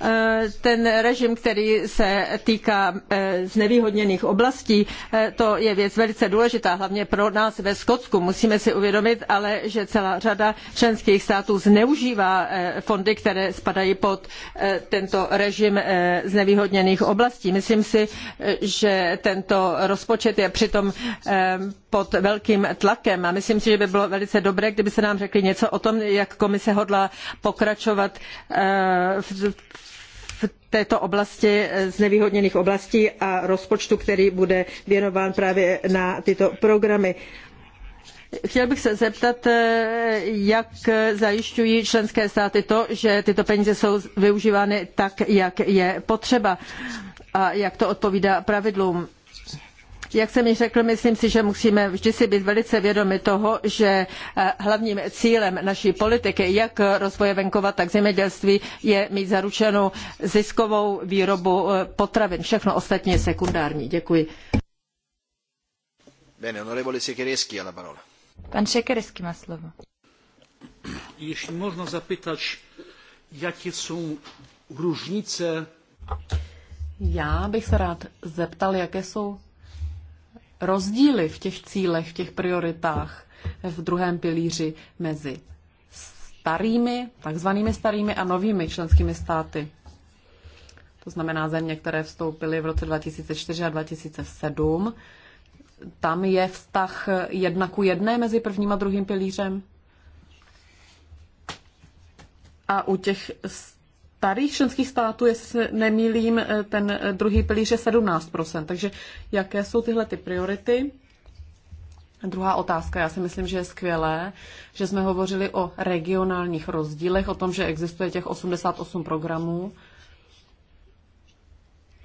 Eh, ten režim, který se týká eh, znevýhodněných oblastí, eh, to je věc velice důležitá, hlavně pro nás ve Skotsku. Musíme si uvědomit ale, že celá řada členských států zneužívá fondy, které spadají pod tento režim znevýhodněných oblastí. Myslím si, že tento rozpočet je přitom pod velkým tlakem a myslím si, že by bylo velice dobré, kdyby se nám řekli něco o tom, jak komise hodlá pokračovat v v této oblasti, eh, znevýhodněných oblastí a rozpočtu, který bude věnován právě na tyto programy. Chtěl bych se zeptat, eh, jak zajišťují členské státy to, že tyto peníze jsou využívány tak, jak je potřeba a jak to odpovídá pravidlům. Jak jsem již řekl, myslím si, že musíme vždy si být velice vědomi toho, že eh, hlavním cílem naší politiky, jak rozvoje venkova, tak zemědělství, je mít zaručenou ziskovou výrobu eh, potravin. Všechno ostatní je sekundární. Děkuji. Bene, onorevole Sekeresky alla parola. Pan Sekeresky má slovo. Jeśli można zapytać, jaké jsou różnice... Já bych se rád zeptal, jaké jsou rozdíly v těch cílech, v těch prioritách v druhém pilíři mezi starými, takzvanými starými a novými členskými státy. To znamená země, které vstoupily v roce 2004 a 2007. Tam je vztah jedna ku jedné mezi prvním a druhým pilířem. A u těch starých členských států, jestli nemýlím, eh, ten eh, druhý pilíř je 17%. Takže jaké jsou tyhle ty priority? Druhá otázka, já si myslím, že je skvělé, že jsme hovořili o regionálních rozdílech, o tom, že existuje těch 88 programů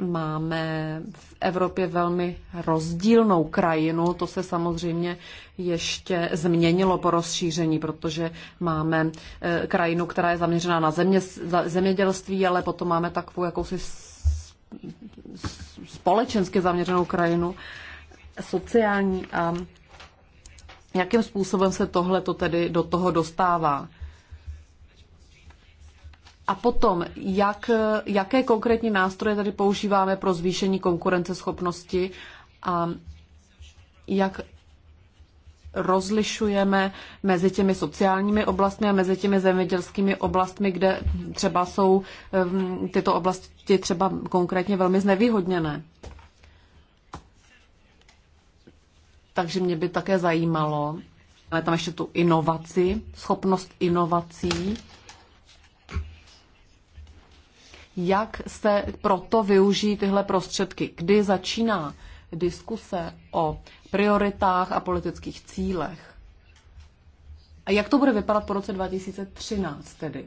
máme v Evropě velmi rozdílnou krajinu. To se samozřejmě ještě změnilo po rozšíření, protože máme eh, krajinu, která je zaměřená na země, zemědělství, ale potom máme takovou jakousi společensky zaměřenou krajinu, sociální a jakým způsobem se tohle to tedy do toho dostává. A potom, jak, jaké konkrétní nástroje tady používáme pro zvýšení konkurenceschopnosti a jak rozlišujeme mezi těmi sociálními oblastmi a mezi těmi zemědělskými oblastmi, kde třeba jsou ehm, tyto oblasti třeba konkrétně velmi znevýhodněné. Takže mě by také zajímalo, ale tam ještě tu inovaci, schopnost inovací, jak se proto využijí tyhle prostředky? Kdy začíná diskuse o prioritách a politických cílech? A jak to bude vypadat po roce 2013 tedy?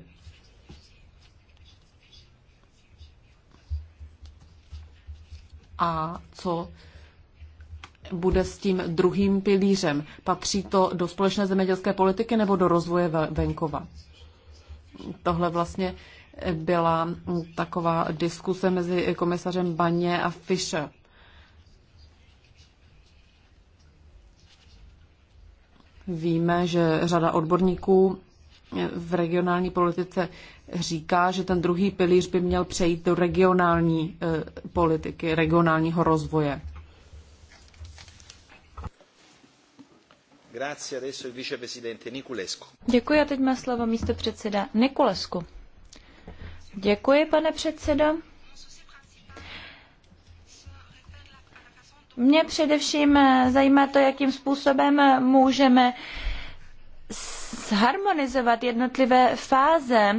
A co bude s tím druhým pilířem? Patří to do společné zemědělské politiky nebo do rozvoje venkova? Tohle vlastně byla taková diskuse mezi komisařem Baně a Fischer. Víme, že řada odborníků v regionální politice říká, že ten druhý pilíř by měl přejít do regionální eh, politiky, regionálního rozvoje. Děkuji a teď má slovo místo předseda Nikulesku. Děkuji, pane předsedo. Mě především eh, zajímá to, jakým způsobem eh, můžeme zharmonizovat jednotlivé fáze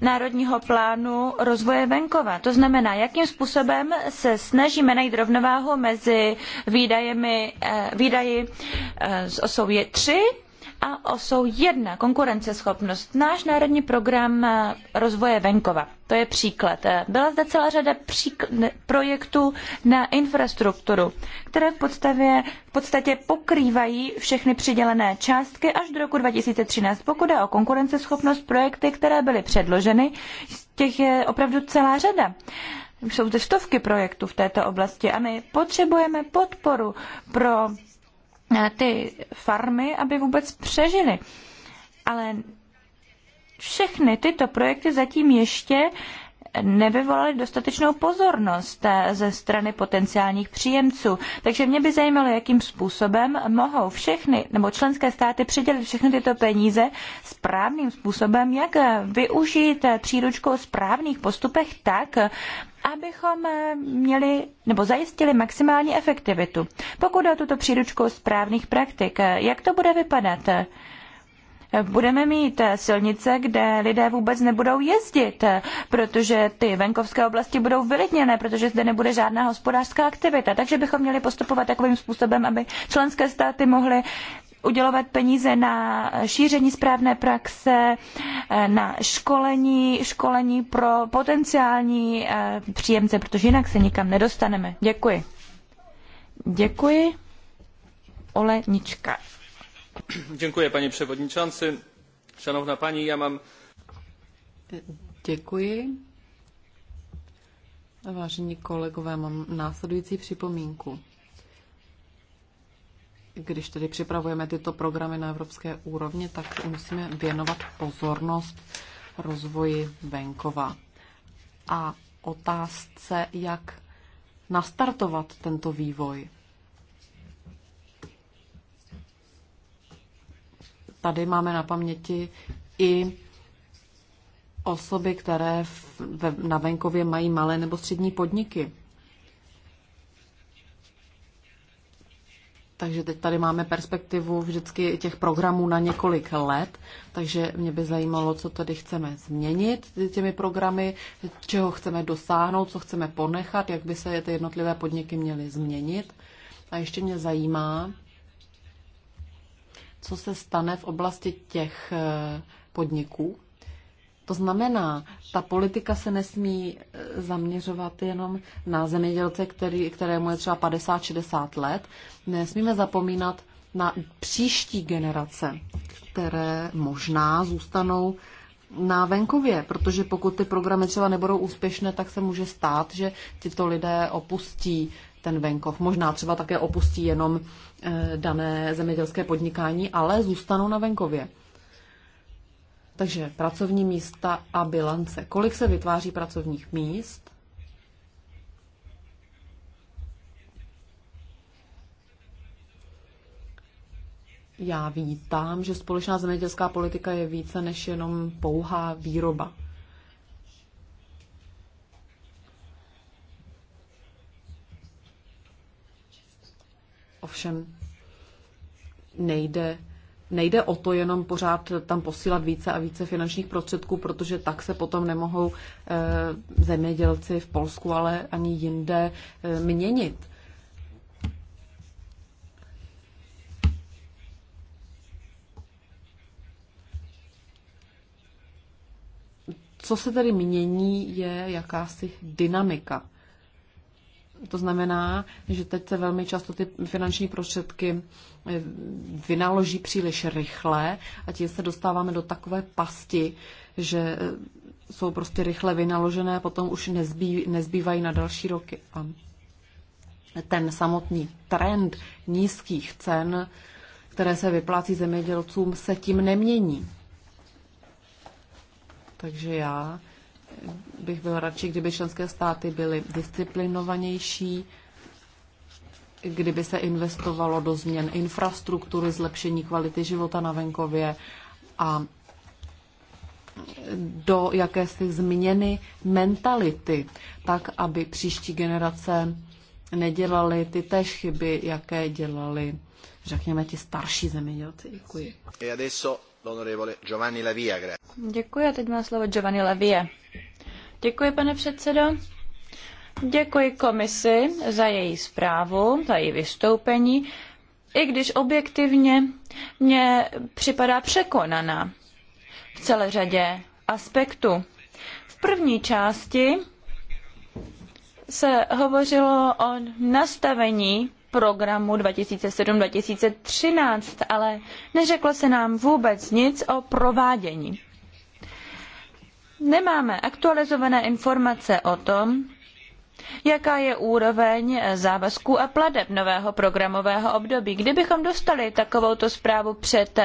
Národního plánu rozvoje venkova. To znamená, jakým způsobem se snažíme najít rovnováhu mezi výdajemi, eh, výdaji z osou 3 a osou 1, konkurenceschopnost, náš národní program eh, rozvoje venkova. To je příklad. Eh, byla zde celá řada projektů na infrastrukturu, které v podstatě, v podstatě pokrývají všechny přidělené částky až do roku 2013. Pokud je o konkurenceschopnost, projekty, které byly předloženy, těch je opravdu celá řada. Jsou zde stovky projektů v této oblasti a my potřebujeme podporu pro Eh, ty farmy, aby vůbec přežily. Ale všechny tyto projekty zatím ještě nevyvolaly dostatečnou pozornost eh, ze strany potenciálních příjemců. Takže mě by zajímalo, jakým způsobem mohou všechny, nebo členské státy přidělit všechny tyto peníze správným způsobem, jak využít eh, příručku o správných postupech tak, abychom eh, měli nebo zajistili maximální efektivitu. Pokud o tuto příručku správných praktik, eh, jak to bude vypadat? Eh, budeme mít silnice, kde lidé vůbec nebudou jezdit, protože ty venkovské oblasti budou vylidněné, protože zde nebude žádná hospodářská aktivita. Takže bychom měli postupovat takovým způsobem, aby členské státy mohly udělovat peníze na šíření správné praxe, eh, na školení, školení pro potenciální eh, příjemce, protože jinak se nikam nedostaneme. Děkuji. Děkuji. Olenička. Děkuji, paní předsedající. Šanovná paní, já mám... Děkuji. Vážení kolegové, mám následující připomínku když tedy připravujeme tyto programy na evropské úrovni, tak musíme věnovat pozornost rozvoji venkova a otázce, jak nastartovat tento vývoj. Tady máme na paměti i osoby, které na venkově mají malé nebo střední podniky. Takže teď tady máme perspektivu vždycky těch programů na několik let, takže mě by zajímalo, co tady chceme změnit těmi programy, čeho chceme dosáhnout, co chceme ponechat, jak by se ty jednotlivé podniky měly změnit. A ještě mě zajímá, co se stane v oblasti těch eh, podniků, to znamená, ta politika se nesmí eh, zaměřovat jenom na zemědělce, který, kterému je třeba 50-60 let. Nesmíme zapomínat na příští generace, které možná zůstanou na venkově, protože pokud ty programy třeba nebudou úspěšné, tak se může stát, že tyto lidé opustí ten venkov. Možná třeba také opustí jenom eh, dané zemědělské podnikání, ale zůstanou na venkově. Takže pracovní místa a bilance. Kolik se vytváří pracovních míst? Já vítám, že společná zemědělská politika je více než jenom pouhá výroba. Ovšem nejde nejde o to jenom pořád tam posílat více a více finančních prostředků, protože tak se potom nemohou eh, zemědělci v Polsku, ale ani jinde eh, měnit. Co se tedy mění, je jakási dynamika. To znamená, že teď se velmi často ty finanční prostředky eh, vynaloží příliš rychle a tím se dostáváme do takové pasti, že eh, jsou prostě rychle vynaložené, potom už nezbý, nezbývají na další roky. A ten samotný trend nízkých cen, které se vyplácí zemědělcům, se tím nemění. Takže já bych byl radši, kdyby členské státy byly disciplinovanější, kdyby se investovalo do změn infrastruktury, zlepšení kvality života na venkově a do jakési změny mentality, tak aby příští generace nedělali ty též chyby, jaké dělali, řekněme, ti starší zemědělci. Děkuji. E Děkuji a teď má slovo Giovanni Lavia. Děkuji, pane předsedo. Děkuji komisi za její zprávu, za její vystoupení, i když objektivně mě připadá překonaná v celé řadě aspektů. V první části se hovořilo o nastavení programu 2007-2013, ale neřeklo se nám vůbec nic o provádění nemáme aktualizované informace o tom, Jaká je úroveň závazků a pladeb nového programového období? Kdybychom dostali takovouto zprávu před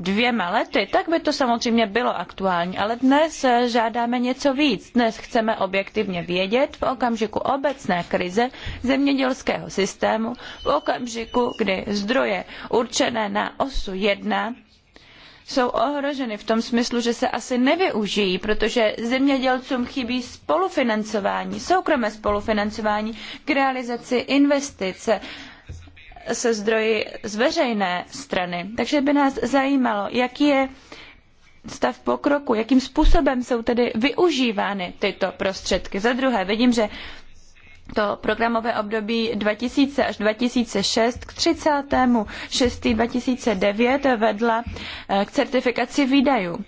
dvěma lety, tak by to samozřejmě bylo aktuální, ale dnes žádáme něco víc. Dnes chceme objektivně vědět v okamžiku obecné krize zemědělského systému, v okamžiku, kdy zdroje určené na osu 1 jsou ohroženy v tom smyslu, že se asi nevyužijí, protože zemědělcům chybí spolufinancování, soukromé spolufinancování k realizaci investice se zdroji z veřejné strany. Takže by nás zajímalo, jaký je stav pokroku, jakým způsobem jsou tedy využívány tyto prostředky. Za druhé, vidím, že to programové období 2000 až 2006 k 30. 6. 2009 vedla eh, k certifikaci výdajů.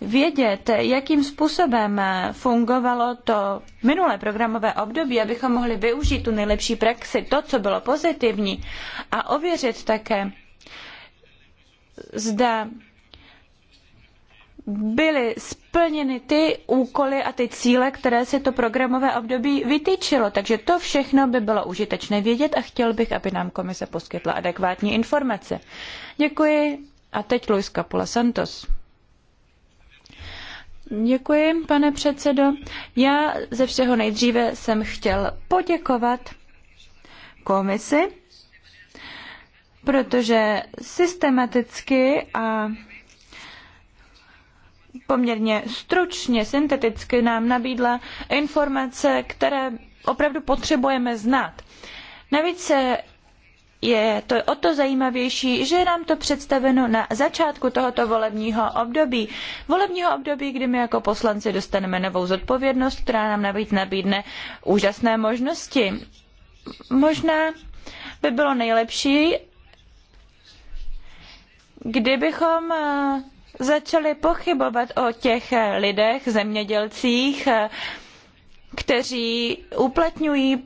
Vědět, jakým způsobem eh, fungovalo to minulé programové období, abychom mohli využít tu nejlepší praxi, to, co bylo pozitivní, a ověřit také, zda byly splněny ty úkoly a ty cíle, které si to programové období vytýčilo. Takže to všechno by bylo užitečné vědět a chtěl bych, aby nám komise poskytla adekvátní informace. Děkuji. A teď Luis Capula Santos. Děkuji, pane předsedo. Já ze všeho nejdříve jsem chtěl poděkovat komisi, protože systematicky a poměrně stručně, synteticky nám nabídla informace, které opravdu potřebujeme znát. Navíc je to o to zajímavější, že je nám to představeno na začátku tohoto volebního období. Volebního období, kdy my jako poslanci dostaneme novou zodpovědnost, která nám navíc nabídne úžasné možnosti. Možná by bylo nejlepší, kdybychom eh, začali pochybovat o těch eh, lidech, zemědělcích, eh, kteří uplatňují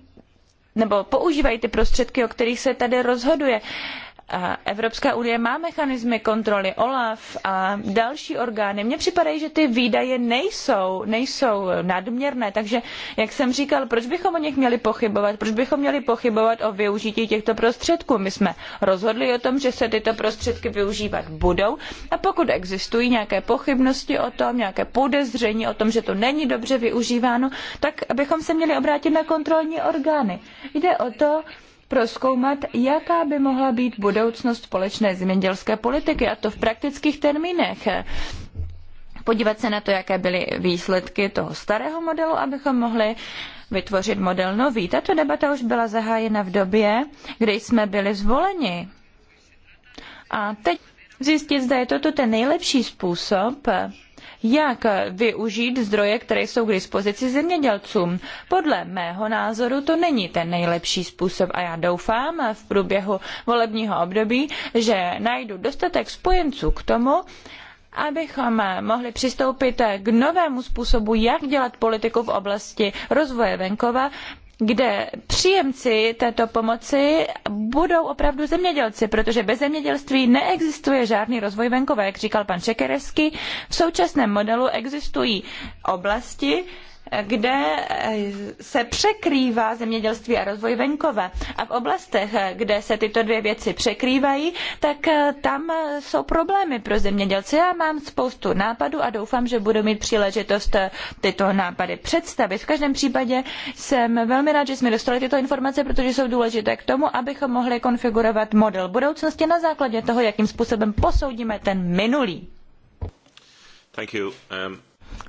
nebo používají ty prostředky, o kterých se tady rozhoduje. Uh, Evropská unie má mechanismy kontroly OLAF a další orgány. Mně připadají, že ty výdaje nejsou, nejsou nadměrné, takže jak jsem říkal, proč bychom o nich měli pochybovat? Proč bychom měli pochybovat o využití těchto prostředků? My jsme rozhodli o tom, že se tyto prostředky využívat budou a pokud existují nějaké pochybnosti o tom, nějaké podezření o tom, že to není dobře využíváno, tak bychom se měli obrátit na kontrolní orgány. Jde o to, proskoumat, jaká by mohla být budoucnost společné zemědělské politiky, a to v praktických termínech podívat se na to, jaké byly výsledky toho starého modelu, abychom mohli vytvořit model nový. Tato debata už byla zahájena v době, kdy jsme byli zvoleni. A teď zjistit, zda je toto ten nejlepší způsob, jak využít zdroje, které jsou k dispozici zemědělcům. Podle mého názoru to není ten nejlepší způsob a já doufám v průběhu volebního období, že najdu dostatek spojenců k tomu, abychom mohli přistoupit k novému způsobu, jak dělat politiku v oblasti rozvoje venkova, kde příjemci této pomoci budou opravdu zemědělci, protože bez zemědělství neexistuje žádný rozvoj venkova, jak říkal pan Šekerevský. V současném modelu existují oblasti, kde eh, se překrývá zemědělství a rozvoj venkova. A v oblastech, eh, kde se tyto dvě věci překrývají, tak eh, tam jsou problémy pro zemědělce. Já mám spoustu nápadů a doufám, že budu mít příležitost tyto nápady představit. V každém případě jsem velmi rád, že jsme dostali tyto informace, protože jsou důležité k tomu, abychom mohli konfigurovat model budoucnosti na základě toho, jakým způsobem posoudíme ten minulý. Thank you. Um...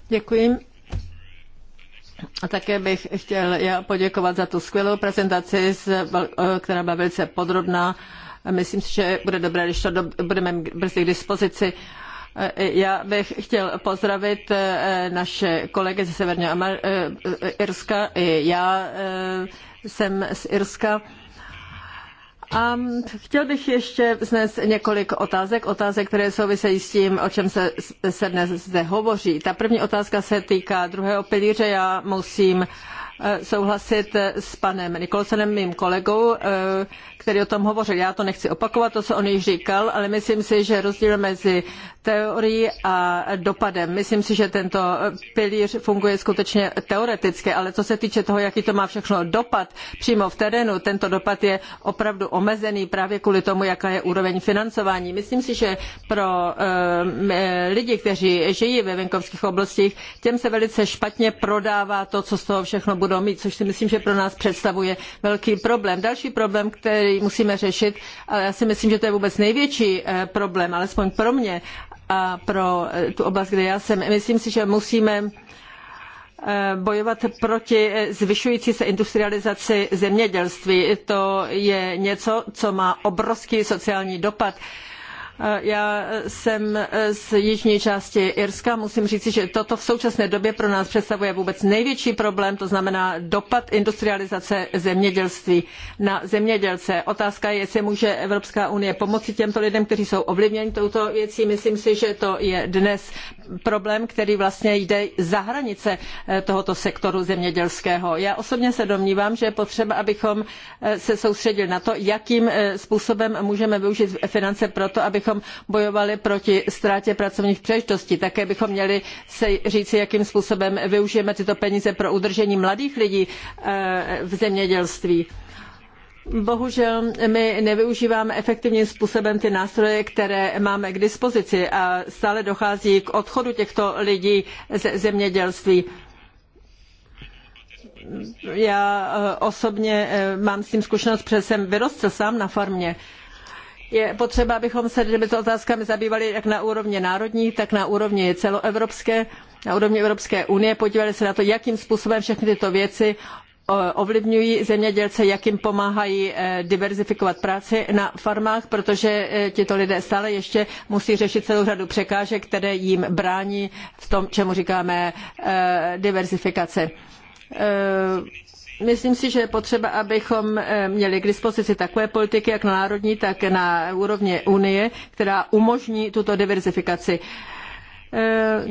Děkuji. A také bych chtěl já poděkovat za tu skvělou prezentaci, eh, která byla velice podrobná. Myslím si, že bude dobré, když to do, budeme brzy k dispozici. Eh, já bych chtěl pozdravit eh, naše kolegy ze Severního Irska. I já jsem z Irska a chtěl bych ještě vznést několik otázek, otázek, které souvisejí s tím, o čem se, se dnes zde hovoří. Ta první otázka se týká druhého pilíře. Já musím uh, Eh, souhlasit eh, s panem Nikolsonem, mým kolegou, eh, který o tom hovořil. Já to nechci opakovat, to, co on již říkal, ale myslím si, že rozdíl mezi teorií a dopadem. Myslím si, že tento pilíř funguje skutečně teoreticky, ale co se týče toho, jaký to má všechno dopad přímo v terénu, tento dopad je opravdu omezený právě kvůli tomu, jaká je úroveň financování. Myslím si, že pro lidi, kteří žijí ve venkovských oblastech, těm se velice špatně prodává to, co z toho všechno bude budou mít, což si myslím, že pro nás představuje velký problém. Další problém, který musíme řešit, ale já si myslím, že to je vůbec největší eh, problém, alespoň pro mě a pro eh, tu oblast, kde já jsem. Myslím si, že musíme eh, bojovat proti zvyšující se industrializaci zemědělství. To je něco, co má obrovský sociální dopad. Já jsem z jižní části Irska. Musím říci, že toto v současné době pro nás představuje vůbec největší problém, to znamená dopad industrializace zemědělství na zemědělce. Otázka je, jestli může Evropská unie pomoci těmto lidem, kteří jsou ovlivněni touto věcí. Myslím si, že to je dnes problém, který vlastně jde za hranice eh, tohoto sektoru zemědělského. Já osobně se domnívám, že je potřeba, abychom eh, se soustředili na to, jakým eh, způsobem můžeme využít finance pro to, abychom abychom bojovali proti ztrátě pracovních příležitostí. Také bychom měli říci, jakým způsobem využijeme tyto peníze pro udržení mladých lidí eh, v zemědělství. Bohužel my nevyužíváme efektivním způsobem ty nástroje, které máme k dispozici a stále dochází k odchodu těchto lidí ze zemědělství. Já eh, osobně eh, mám s tím zkušenost, protože jsem vyrostl sám na farmě je potřeba, abychom se těmito otázkami zabývali jak na úrovni národní, tak na úrovni celoevropské, na úrovni Evropské unie, podívali se na to, jakým způsobem všechny tyto věci eh, ovlivňují zemědělce, jak jim pomáhají eh, diverzifikovat práci na farmách, protože eh, tito lidé stále ještě musí řešit celou řadu překážek, které jim brání v tom, čemu říkáme diverzifikace Myslím si, že je potřeba, abychom eh, měli k dispozici takové politiky, jak na národní, tak na úrovni Unie, která umožní tuto diverzifikaci eh,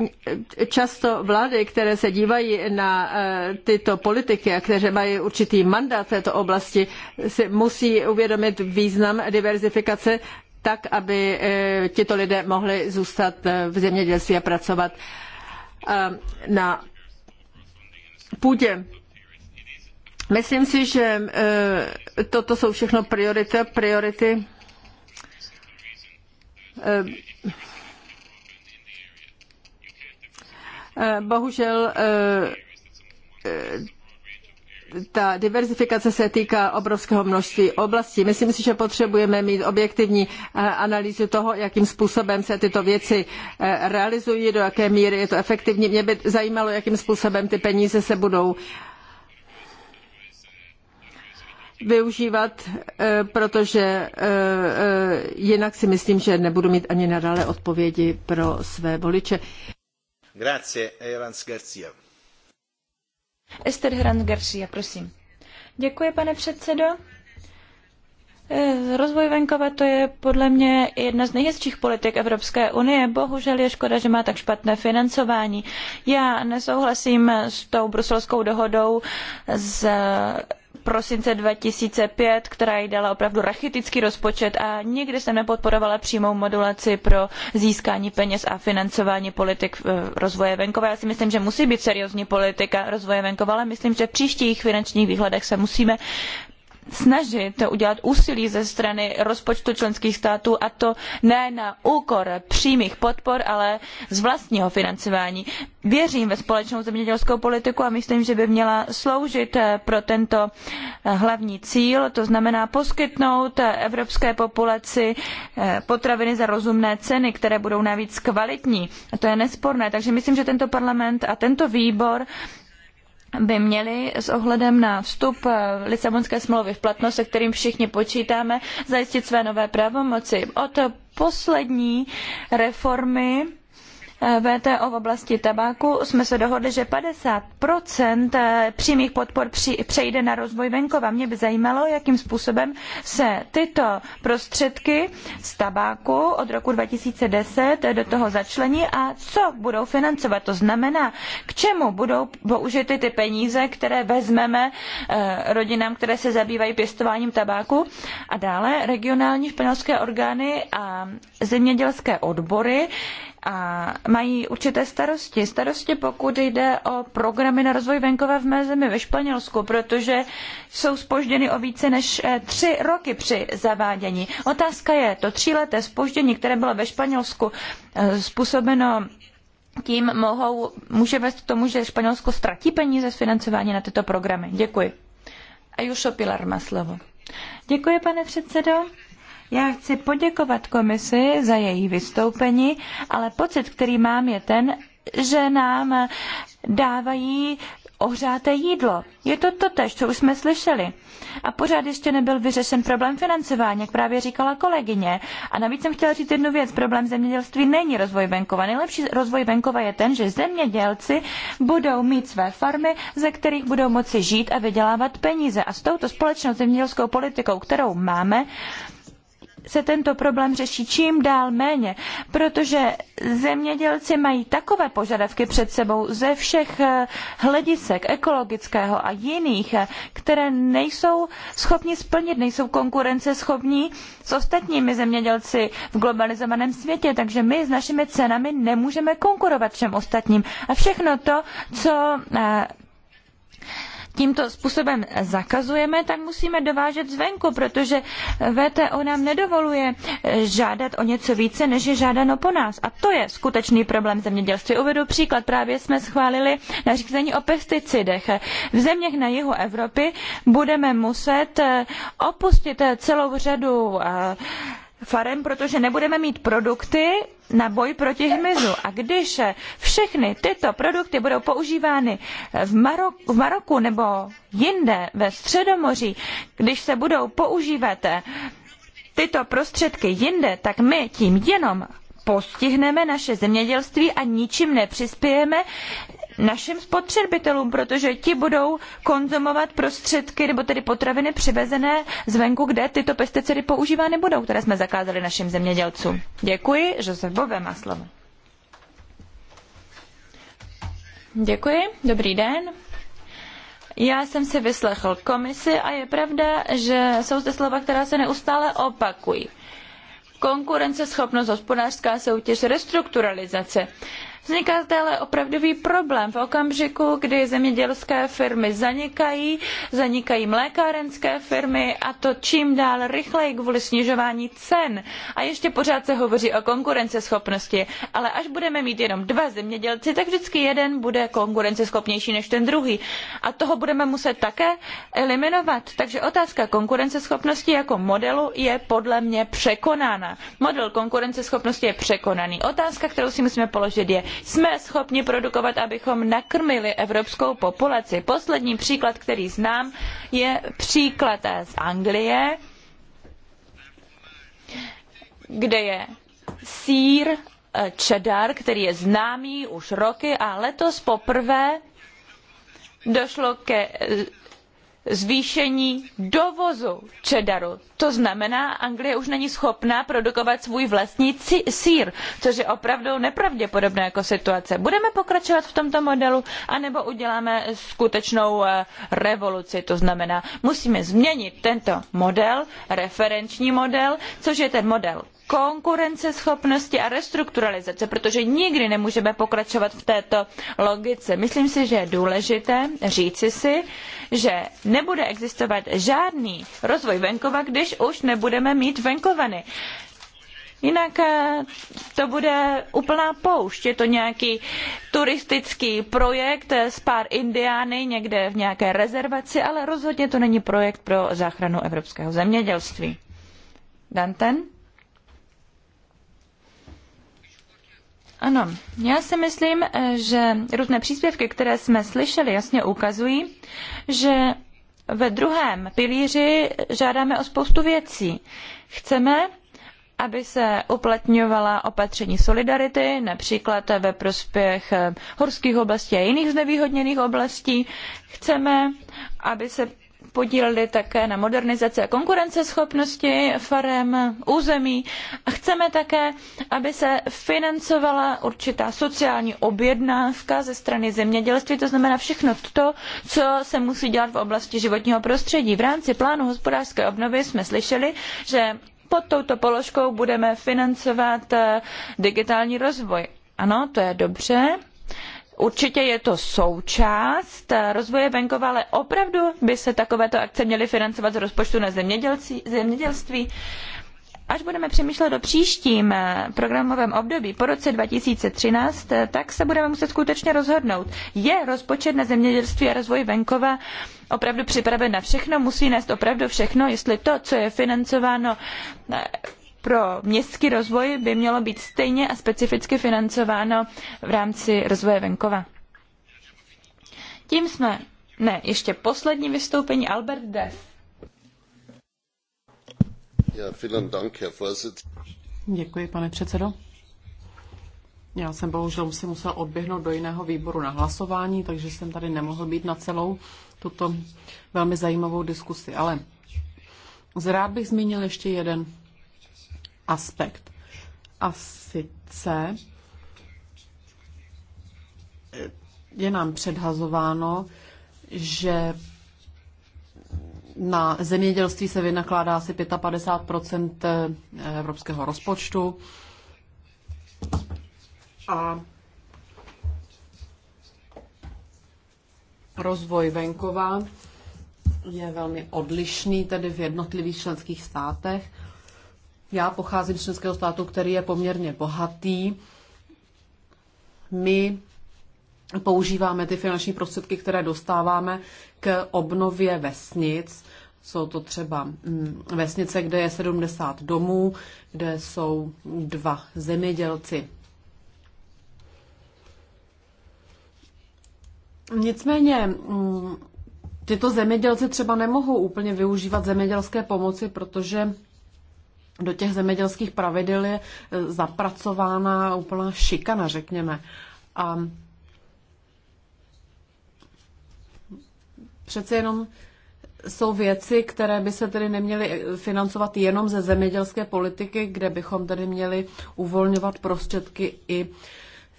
často vlády, které se dívají na eh, tyto politiky a které mají určitý mandát v této oblasti, si musí uvědomit význam diverzifikace tak, aby tito lidé mohli zůstat v zemědělství a pracovat na půdě Myslím si, že e, toto jsou všechno priority, priority e, e, bohužel ta diverzifikace se týká obrovského množství oblastí. Myslím si, že potřebujeme mít objektivní analýzu toho, jakým způsobem se tyto věci realizují, do jaké míry je to efektivní. Mě by zajímalo, jakým způsobem ty peníze se budou využívat, eh, protože eh, eh, jinak si myslím, že nebudu mít ani nadále odpovědi pro své voliče. Grazie, Evans Garcia. Esther Garcia, prosím. Děkuji, pane předsedo. Rozvoj venkova to je podle mě jedna z nejhezčích politik Evropské unie. Bohužel je škoda, že má tak špatné financování. Já nesouhlasím s tou bruselskou dohodou z prosince 2005, která jí dala opravdu rachitický rozpočet a nikdy jsem nepodporovala přímou modulaci pro získání peněz a financování politik eh, rozvoje venkova. Já si myslím, že musí být seriózní politika rozvoje venkova, ale myslím, že v příštích finančních výhledech se musíme snažit udělat úsilí ze strany rozpočtu členských států a to ne na úkor přímých podpor, ale z vlastního financování. Věřím ve společnou zemědělskou politiku a myslím, že by měla sloužit eh, pro tento eh, hlavní cíl, to znamená poskytnout eh, evropské populaci potraviny za rozumné ceny, které budou navíc kvalitní. A to je nesporné, takže myslím, že tento parlament a tento výbor by měli s ohledem na vstup eh, Lisabonské smlouvy v platnost, se kterým všichni počítáme, zajistit své nové pravomoci. Od poslední reformy VTO v oblasti tabáku jsme se dohodli, že 50 eh, přímých podpor přejde na rozvoj venkova. Mě by zajímalo, jakým způsobem se tyto prostředky z tabáku od roku 2010 do toho začlení a co budou financovat. To znamená, k čemu budou použity ty peníze, které vezmeme eh, rodinám, které se zabývají pěstováním tabáku a dále regionální španělské orgány a zemědělské odbory a mají určité starosti. Starosti, pokud jde o programy na rozvoj venkova v mé zemi ve Španělsku, protože jsou spožděny o více než eh, tři roky při zavádění. Otázka je, to tříleté spoždění, které bylo ve Španělsku eh, způsobeno tím mohou, může vést k tomu, že Španělsko ztratí peníze z financování na tyto programy. Děkuji. A Jušo Pilar má slovo. Děkuji, pane předsedo. Já chci poděkovat komisi za její vystoupení, ale pocit, který mám, je ten, že nám dávají ohřáté jídlo. Je to totež, co už jsme slyšeli. A pořád ještě nebyl vyřešen problém financování, jak právě říkala kolegyně. A navíc jsem chtěla říct jednu věc. Problém zemědělství není rozvoj venkova. Nejlepší rozvoj venkova je ten, že zemědělci budou mít své farmy, ze kterých budou moci žít a vydělávat peníze. A s touto společnou zemědělskou politikou, kterou máme, se tento problém řeší čím dál méně, protože zemědělci mají takové požadavky před sebou ze všech eh, hledisek ekologického a jiných, eh, které nejsou schopni splnit, nejsou konkurenceschopní s ostatními zemědělci v globalizovaném světě, takže my s našimi cenami nemůžeme konkurovat všem ostatním. A všechno to, co eh, tímto způsobem zakazujeme, tak musíme dovážet zvenku, protože VTO nám nedovoluje žádat o něco více, než je žádáno po nás. A to je skutečný problém zemědělství. Uvedu příklad. Právě jsme schválili nařízení o pesticidech. V zeměch na jihu Evropy budeme muset opustit celou řadu eh, farem, protože nebudeme mít produkty na boj proti hmyzu. A když všechny tyto produkty budou používány v, Marok, v Maroku nebo jinde ve Středomoří, když se budou používat tyto prostředky jinde, tak my tím jenom postihneme naše zemědělství a ničím nepřispějeme našim spotřebitelům, protože ti budou konzumovat prostředky nebo tedy potraviny přivezené zvenku, kde tyto pesticidy používány nebudou, které jsme zakázali našim zemědělcům. Děkuji, Josef Bové má slovo. Děkuji, dobrý den. Já jsem si vyslechl komisi a je pravda, že jsou zde slova, která se neustále opakují konkurenceschopnost, hospodářská soutěž, restrukturalizace. Vzniká zde ale opravdový problém. V okamžiku, kdy zemědělské firmy zanikají, zanikají mlékárenské firmy a to čím dál rychleji kvůli snižování cen. A ještě pořád se hovoří o konkurenceschopnosti, ale až budeme mít jenom dva zemědělci, tak vždycky jeden bude konkurenceschopnější než ten druhý. A toho budeme muset také eliminovat. Takže otázka konkurenceschopnosti jako modelu je podle mě překonána. Model konkurenceschopnosti je překonaný. Otázka, kterou si musíme položit, je, jsme schopni produkovat, abychom nakrmili evropskou populaci. Poslední příklad, který znám, je příklad z Anglie, kde je sír eh, cheddar, který je známý už roky a letos poprvé došlo ke eh, zvýšení dovozu čedaru. To znamená, Anglie už není schopná produkovat svůj vlastní sýr, což je opravdu nepravděpodobné jako situace. Budeme pokračovat v tomto modelu, anebo uděláme skutečnou eh, revoluci, to znamená, musíme změnit tento model, referenční model, což je ten model konkurenceschopnosti a restrukturalizace, protože nikdy nemůžeme pokračovat v této logice. Myslím si, že je důležité říci si, že nebude existovat žádný rozvoj venkova, když už nebudeme mít venkovany. Jinak eh, to bude úplná poušť. Je to nějaký turistický projekt s pár indiány někde v nějaké rezervaci, ale rozhodně to není projekt pro záchranu evropského zemědělství. Danten? Ano, já si myslím, eh, že různé příspěvky, které jsme slyšeli, jasně ukazují, že ve druhém pilíři žádáme o spoustu věcí. Chceme, aby se uplatňovala opatření solidarity, například ve prospěch eh, horských oblastí a jiných znevýhodněných oblastí. Chceme, aby se podíleli také na modernizaci a konkurenceschopnosti farem, území a chceme také, aby se financovala určitá sociální objednávka ze strany zemědělství, to znamená všechno to, co se musí dělat v oblasti životního prostředí. V rámci plánu hospodářské obnovy jsme slyšeli, že pod touto položkou budeme financovat eh, digitální rozvoj. Ano, to je dobře. Určitě je to součást rozvoje venkova, ale opravdu by se takovéto akce měly financovat z rozpočtu na zemědělství. Až budeme přemýšlet o příštím eh, programovém období po roce 2013, eh, tak se budeme muset skutečně rozhodnout. Je rozpočet na zemědělství a rozvoj venkova opravdu připraven na všechno, musí nést opravdu všechno, jestli to, co je financováno eh, pro městský rozvoj by mělo být stejně a specificky financováno v rámci rozvoje venkova. Tím jsme, ne, ještě poslední vystoupení Albert Des. Děkuji, pane předsedo. Já jsem bohužel si musel odběhnout do jiného výboru na hlasování, takže jsem tady nemohl být na celou tuto velmi zajímavou diskusi. Ale rád bych zmínil ještě jeden aspekt. A sice eh, je nám předhazováno, že na zemědělství se vynakládá asi 55 eh, evropského rozpočtu. A rozvoj venkova je velmi odlišný tedy v jednotlivých členských státech já pocházím z členského státu, který je poměrně bohatý. My používáme ty finanční prostředky, které dostáváme k obnově vesnic. Jsou to třeba mm, vesnice, kde je 70 domů, kde jsou dva zemědělci. Nicméně mm, tyto zemědělci třeba nemohou úplně využívat zemědělské pomoci, protože do těch zemědělských pravidel je eh, zapracována úplná šikana, řekněme. A přece jenom jsou věci, které by se tedy neměly eh, financovat jenom ze zemědělské politiky, kde bychom tedy měli uvolňovat prostředky i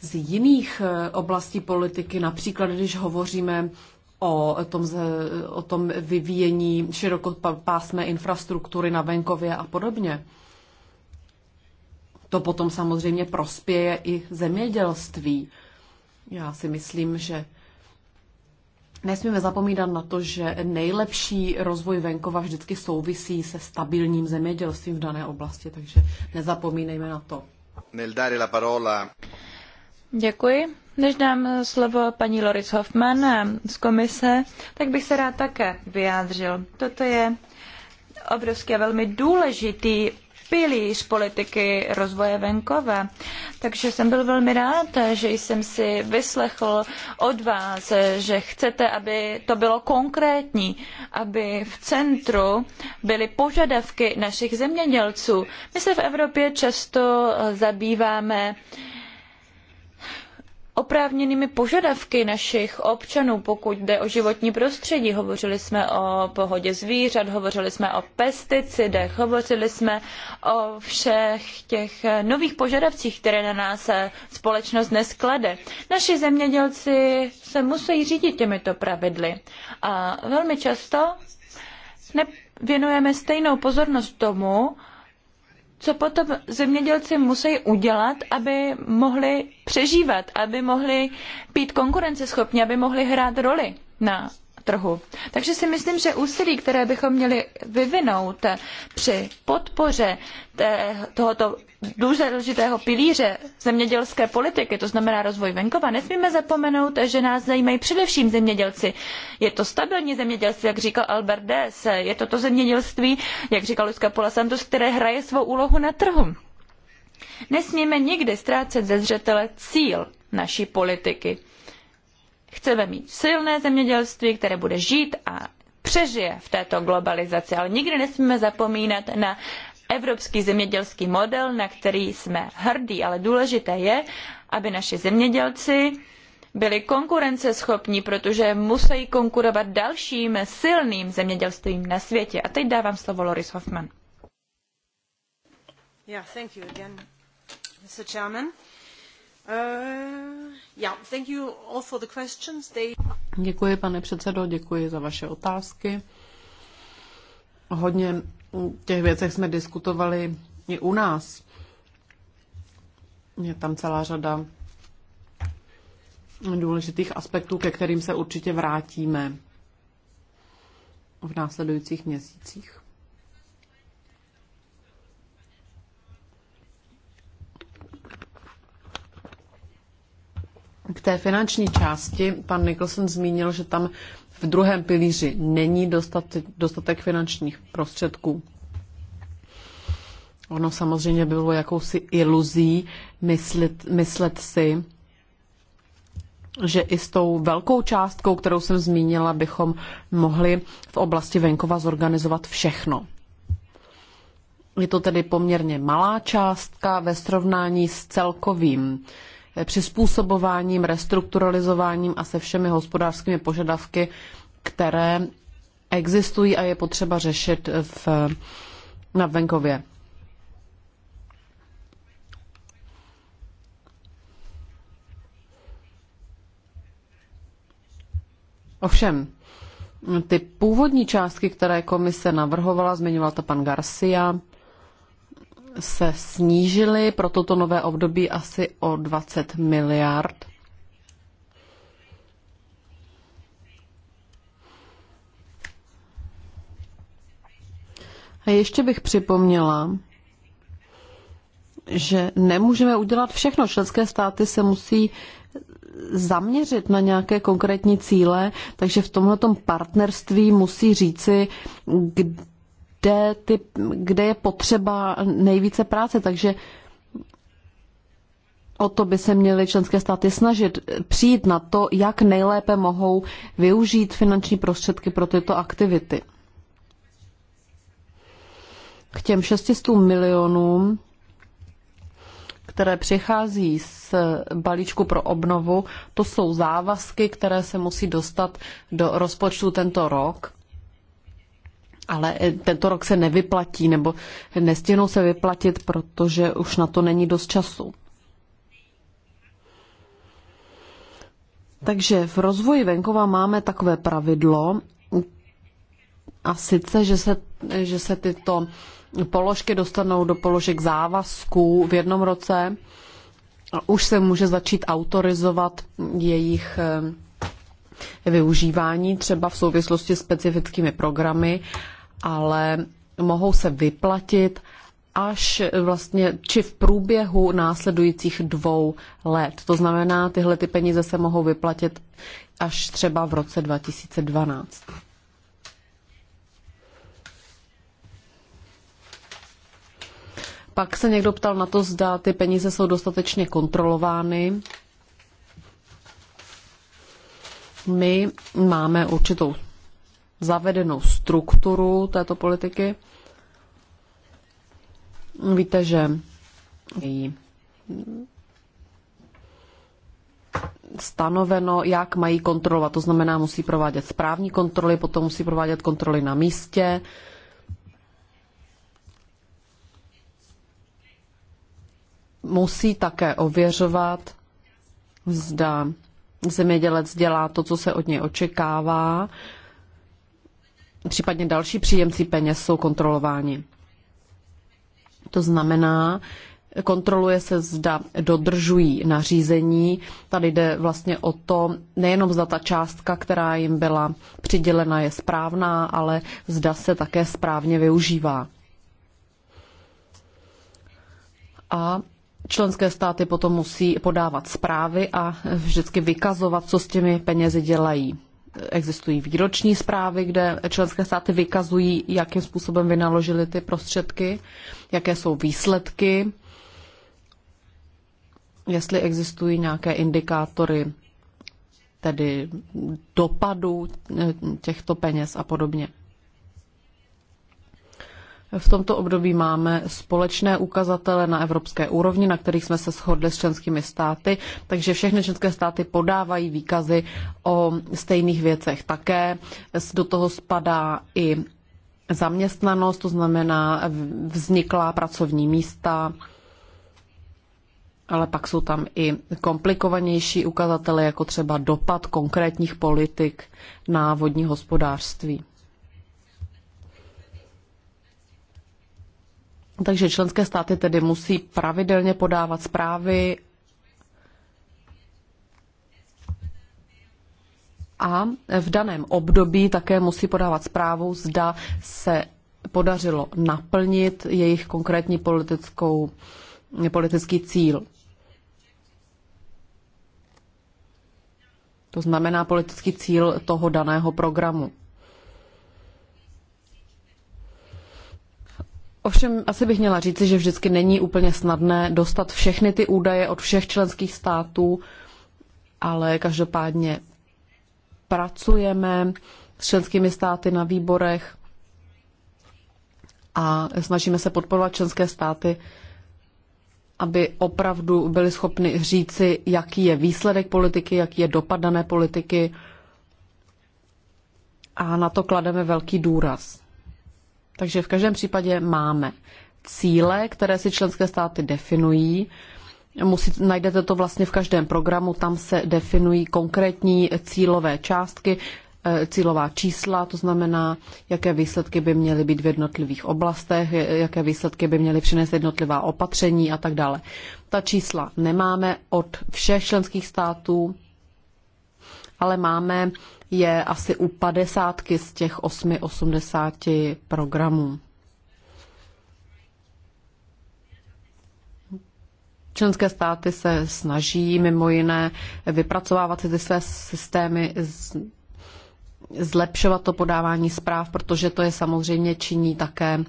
z jiných eh, oblastí politiky, například když hovoříme o tom, o tom vyvíjení širokopásmé infrastruktury na venkově a podobně. To potom samozřejmě prospěje i zemědělství. Já si myslím, že nesmíme zapomínat na to, že nejlepší rozvoj venkova vždycky souvisí se stabilním zemědělstvím v dané oblasti, takže nezapomínejme na to. Děkuji. Než dám slovo paní Loris Hoffman z komise, tak bych se rád také vyjádřil. Toto je obrovský a velmi důležitý pilíř politiky rozvoje venkova. Takže jsem byl velmi rád, že jsem si vyslechl od vás, že chcete, aby to bylo konkrétní, aby v centru byly požadavky našich zemědělců. My se v Evropě často zabýváme uh, oprávněnými požadavky našich občanů, pokud jde o životní prostředí. Hovořili jsme o pohodě zvířat, hovořili jsme o pesticidech, hovořili jsme o všech těch nových požadavcích, které na nás společnost dnes klade. Naši zemědělci se musí řídit těmito pravidly a velmi často věnujeme stejnou pozornost tomu, co potom zemědělci musí udělat, aby mohli přežívat, aby mohli být konkurenceschopní, aby mohli hrát roli na trhu. Takže si myslím, že úsilí, které bychom měli vyvinout při podpoře tohoto důležitého pilíře zemědělské politiky, to znamená rozvoj venkova, nesmíme zapomenout, že nás zajímají především zemědělci. Je to stabilní zemědělství, jak říkal Albert Dess, je to to zemědělství, jak říkal Luska Pola Santos, které hraje svou úlohu na trhu. Nesmíme nikdy ztrácet ze zřetele cíl naší politiky Chceme mít silné zemědělství, které bude žít a přežije v této globalizaci, ale nikdy nesmíme zapomínat na evropský zemědělský model, na který jsme hrdí, ale důležité je, aby naši zemědělci byli konkurenceschopní, protože musí konkurovat dalším silným zemědělstvím na světě. A teď dávám slovo Loris Hoffman. Yeah, Uh, děkuji, pane předsedo, děkuji za vaše otázky. Hodně těch věcech jsme diskutovali i u nás. Je tam celá řada důležitých aspektů, ke kterým se určitě vrátíme v následujících měsících. K té finanční části pan Nicholson zmínil, že tam v druhém pilíři není dostatek, finančních prostředků. Ono samozřejmě bylo jakousi iluzí myslet, myslet si, že i s tou velkou částkou, kterou jsem zmínila, bychom mohli v oblasti venkova zorganizovat všechno. Je to tedy poměrně malá částka ve srovnání s celkovým přizpůsobováním, restrukturalizováním a se všemi hospodářskými požadavky, které existují a je potřeba řešit v, na venkově. Ovšem, ty původní částky, které komise navrhovala, zmiňoval to pan Garcia, se snížily pro toto nové období asi o 20 miliard. A ještě bych připomněla, že nemůžeme udělat všechno. Členské státy se musí zaměřit na nějaké konkrétní cíle, takže v tomhle partnerství musí říci, kde, ty, kde je potřeba nejvíce práce, takže O to by se měly členské státy snažit přijít na to, jak nejlépe mohou využít finanční prostředky pro tyto aktivity. K těm 600 milionům, které přichází z balíčku pro obnovu, to jsou závazky, které se musí dostat do rozpočtu tento rok ale eh, tento rok se nevyplatí nebo nestihnou se vyplatit, protože už na to není dost času. Takže v rozvoji venkova máme takové pravidlo, a sice, že se, že se tyto položky dostanou do položek závazků v jednom roce a už se může začít autorizovat jejich eh, využívání třeba v souvislosti s specifickými programy ale mohou se vyplatit až eh, vlastně, či v průběhu následujících dvou let. To znamená, tyhle ty peníze se mohou vyplatit až třeba v roce 2012. Pak se někdo ptal na to, zda ty peníze jsou dostatečně kontrolovány. My máme určitou zavedenou strukturu této politiky. Víte, že její stanoveno, jak mají kontrolovat. To znamená, musí provádět správní kontroly, potom musí provádět kontroly na místě. Musí také ověřovat, zda zemědělec dělá to, co se od něj očekává případně další příjemci peněz jsou kontrolováni. To znamená, kontroluje se, zda dodržují nařízení. Tady jde vlastně o to, nejenom zda ta částka, která jim byla přidělena, je správná, ale zda se také správně využívá. A členské státy potom musí podávat zprávy a vždycky vykazovat, co s těmi penězi dělají existují výroční zprávy, kde členské státy vykazují, jakým způsobem vynaložili ty prostředky, jaké jsou výsledky, jestli existují nějaké indikátory tedy dopadu eh, těchto peněz a podobně. V tomto období máme společné ukazatele na evropské úrovni, na kterých jsme se shodli s členskými státy, takže všechny členské státy podávají výkazy o stejných věcech také. Do toho spadá i zaměstnanost, to znamená vzniklá pracovní místa, ale pak jsou tam i komplikovanější ukazatele, jako třeba dopad konkrétních politik na vodní hospodářství. Takže členské státy tedy musí pravidelně podávat zprávy a v daném období také musí podávat zprávu, zda se podařilo naplnit jejich konkrétní politickou, politický cíl. To znamená politický cíl toho daného programu. Ovšem asi bych měla říci, že vždycky není úplně snadné dostat všechny ty údaje od všech členských států, ale každopádně pracujeme s členskými státy na výborech a snažíme se podporovat členské státy, aby opravdu byli schopni říci, jaký je výsledek politiky, jaký je dopad dané politiky. A na to klademe velký důraz. Takže v každém případě máme cíle, které si členské státy definují. Musí, najdete to vlastně v každém programu, tam se definují konkrétní cílové částky, eh, cílová čísla, to znamená, jaké výsledky by měly být v jednotlivých oblastech, eh, jaké výsledky by měly přinést jednotlivá opatření a tak dále. Ta čísla nemáme od všech členských států, ale máme je asi u padesátky z těch 880 programů. Členské státy se snaží mimo jiné vypracovávat ty své systémy, zlepšovat to podávání zpráv, protože to je samozřejmě činí také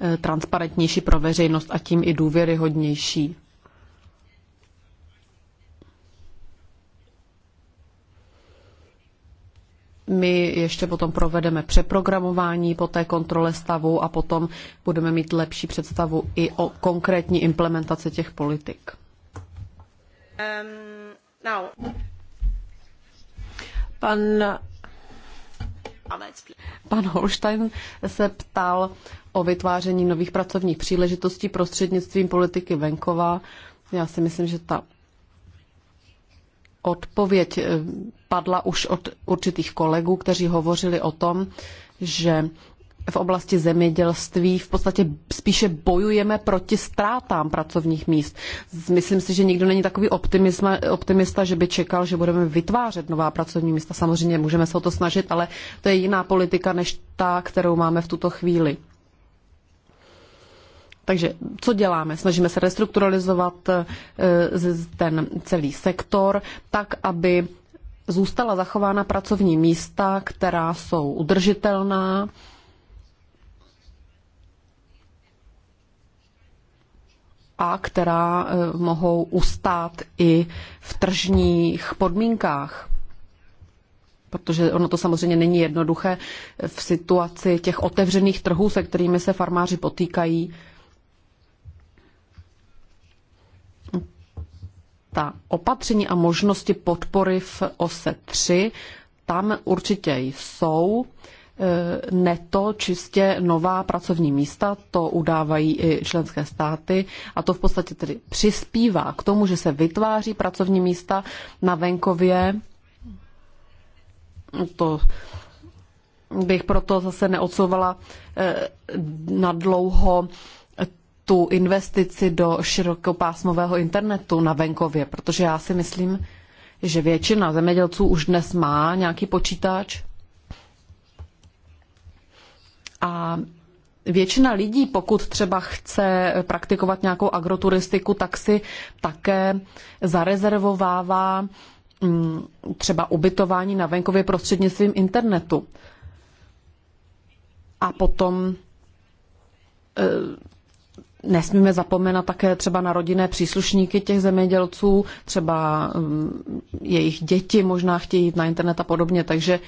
eh, transparentnější pro veřejnost a tím i důvěryhodnější. ještě potom provedeme přeprogramování po té kontrole stavu a potom budeme mít lepší představu i o konkrétní implementaci těch politik. Um, now. Pan Pan Holstein se ptal o vytváření nových pracovních příležitostí prostřednictvím politiky venkova. Já si myslím, že ta odpověď eh, padla už od určitých kolegů, kteří hovořili o tom, že v oblasti zemědělství v podstatě spíše bojujeme proti ztrátám pracovních míst. Myslím si, že nikdo není takový optimista, že by čekal, že budeme vytvářet nová pracovní místa. Samozřejmě můžeme se o to snažit, ale to je jiná politika než ta, kterou máme v tuto chvíli. Takže co děláme? Snažíme se restrukturalizovat eh, ten celý sektor tak, aby zůstala zachována pracovní místa, která jsou udržitelná. a která eh, mohou ustát i v tržních podmínkách protože ono to samozřejmě není jednoduché v situaci těch otevřených trhů, se kterými se farmáři potýkají. ta opatření a možnosti podpory v ose 3, tam určitě jsou. E, neto čistě nová pracovní místa, to udávají i členské státy a to v podstatě tedy přispívá k tomu, že se vytváří pracovní místa na venkově. To bych proto zase neodsouvala e, na dlouho tu investici do širokopásmového internetu na venkově, protože já si myslím, že většina zemědělců už dnes má nějaký počítač. A většina lidí, pokud třeba chce praktikovat nějakou agroturistiku, tak si také zarezervovává mm, třeba ubytování na venkově prostřednictvím internetu. A potom eh, Nesmíme zapomenout také třeba na rodinné příslušníky těch zemědělců, třeba mm, jejich děti možná chtějí jít na internet a podobně, takže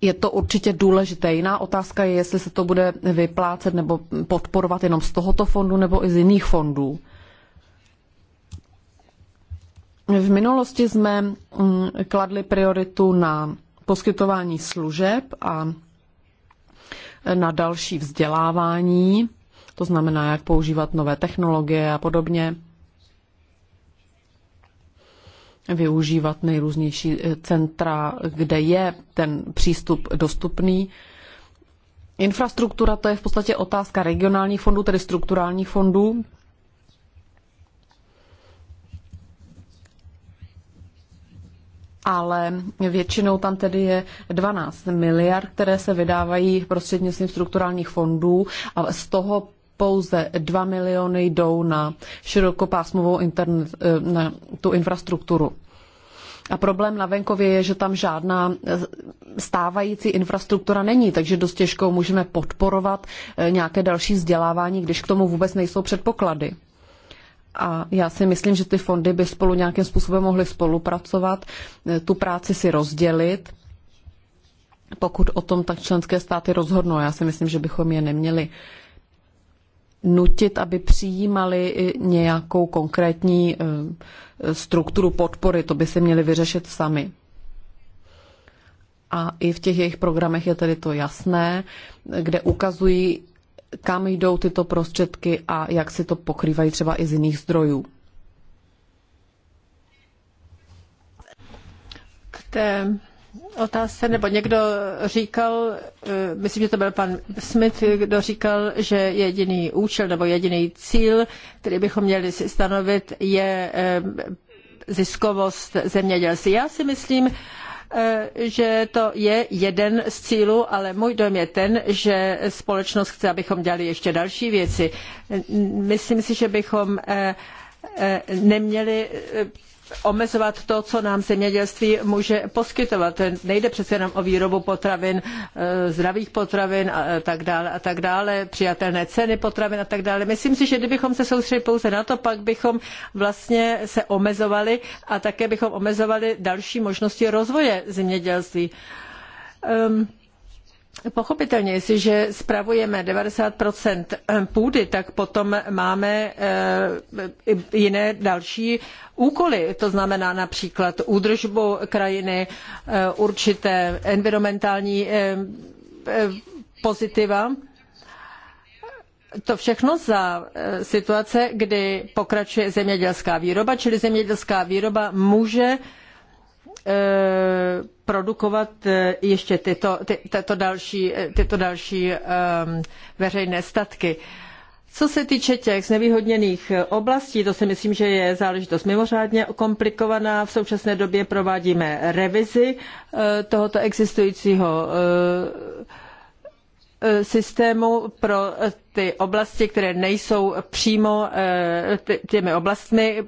je to určitě důležité. Jiná otázka je, jestli se to bude vyplácet nebo podporovat jenom z tohoto fondu nebo i z jiných fondů. V minulosti jsme mm, kladli prioritu na poskytování služeb a na další vzdělávání, to znamená, jak používat nové technologie a podobně, využívat nejrůznější eh, centra, kde je ten přístup dostupný. Infrastruktura to je v podstatě otázka regionálních fondů, tedy strukturálních fondů. ale většinou tam tedy je 12 miliard, které se vydávají prostřednictvím strukturálních fondů a z toho pouze 2 miliony jdou na širokopásmovou internet, eh, na tu infrastrukturu. A problém na venkově je, že tam žádná eh, stávající infrastruktura není, takže dost těžko můžeme podporovat eh, nějaké další vzdělávání, když k tomu vůbec nejsou předpoklady a já si myslím, že ty fondy by spolu nějakým způsobem mohly spolupracovat, eh, tu práci si rozdělit, pokud o tom tak členské státy rozhodnou. Já si myslím, že bychom je neměli nutit, aby přijímali nějakou konkrétní eh, strukturu podpory. To by si měli vyřešit sami. A i v těch jejich programech je tedy to jasné, kde ukazují, kam jdou tyto prostředky a jak si to pokrývají třeba i z jiných zdrojů. K té otázce, nebo někdo říkal, eh, myslím, že to byl pan Smith, kdo říkal, že jediný účel nebo jediný cíl, který bychom měli si stanovit, je eh, ziskovost zemědělství. Já si myslím, Eh, že to je jeden z cílů, ale můj dojem je ten, že společnost chce, abychom dělali ještě další věci. Myslím si, že bychom eh, eh, neměli omezovat to, co nám zemědělství může poskytovat. Nejde přece jenom o výrobu potravin, e, zdravých potravin a e, tak dále a tak dále, přijatelné ceny potravin a tak dále. Myslím si, že kdybychom se soustředili pouze na to, pak bychom vlastně se omezovali a také bychom omezovali další možnosti rozvoje zemědělství. Um, Pochopitelně, jestliže spravujeme 90 půdy, tak potom máme eh, jiné další úkoly. To znamená například údržbu krajiny, eh, určité environmentální eh, pozitiva. To všechno za situace, kdy pokračuje zemědělská výroba, čili zemědělská výroba může Eh, produkovat eh, ještě tyto, ty, tato další, eh, tyto další um, veřejné statky. Co se týče těch znevýhodněných oblastí, to si myslím, že je záležitost mimořádně komplikovaná. V současné době provádíme revizi tohoto existujícího systému pro ty oblasti, které nejsou přímo eh, těmi oblastmi,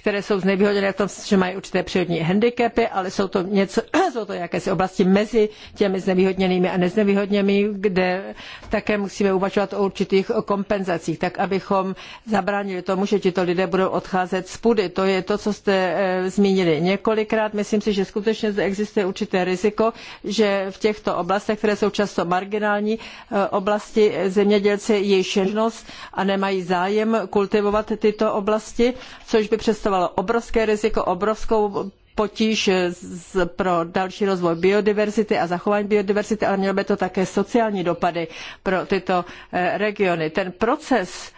které jsou znevýhodněné v tom, že mají určité přírodní handicapy, ale jsou to, něco, <clears throat> jsou to jakési oblasti mezi těmi znevýhodněnými a neznevýhodněnými, kde také musíme uvažovat o určitých kompenzacích, tak abychom zabránili tomu, že tito lidé budou odcházet z půdy. To je to, co jste eh, zmínili několikrát. Myslím si, že skutečně zde existuje určité riziko, že v těchto oblastech, které jsou často marginální eh, oblasti, zemědělci jejich činnost a nemají zájem kultivovat tyto oblasti, což by představovalo obrovské riziko, obrovskou potíž pro další rozvoj biodiverzity a zachování biodiverzity, ale mělo by to také sociální dopady pro tyto eh, regiony. Ten proces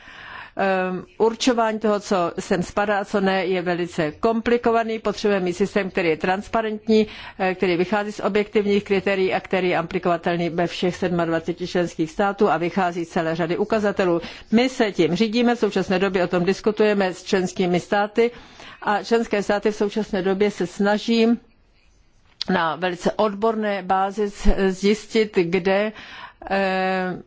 Ehm, určování toho, co sem spadá a co ne, je velice komplikovaný. Potřebujeme mít systém, který je transparentní, eh, který vychází z objektivních kritérií a který je aplikovatelný ve všech 27 členských států a vychází z celé řady ukazatelů. My se tím řídíme, v současné době o tom diskutujeme s členskými státy a členské státy v současné době se snaží na velice odborné bázi zjistit, kde eh,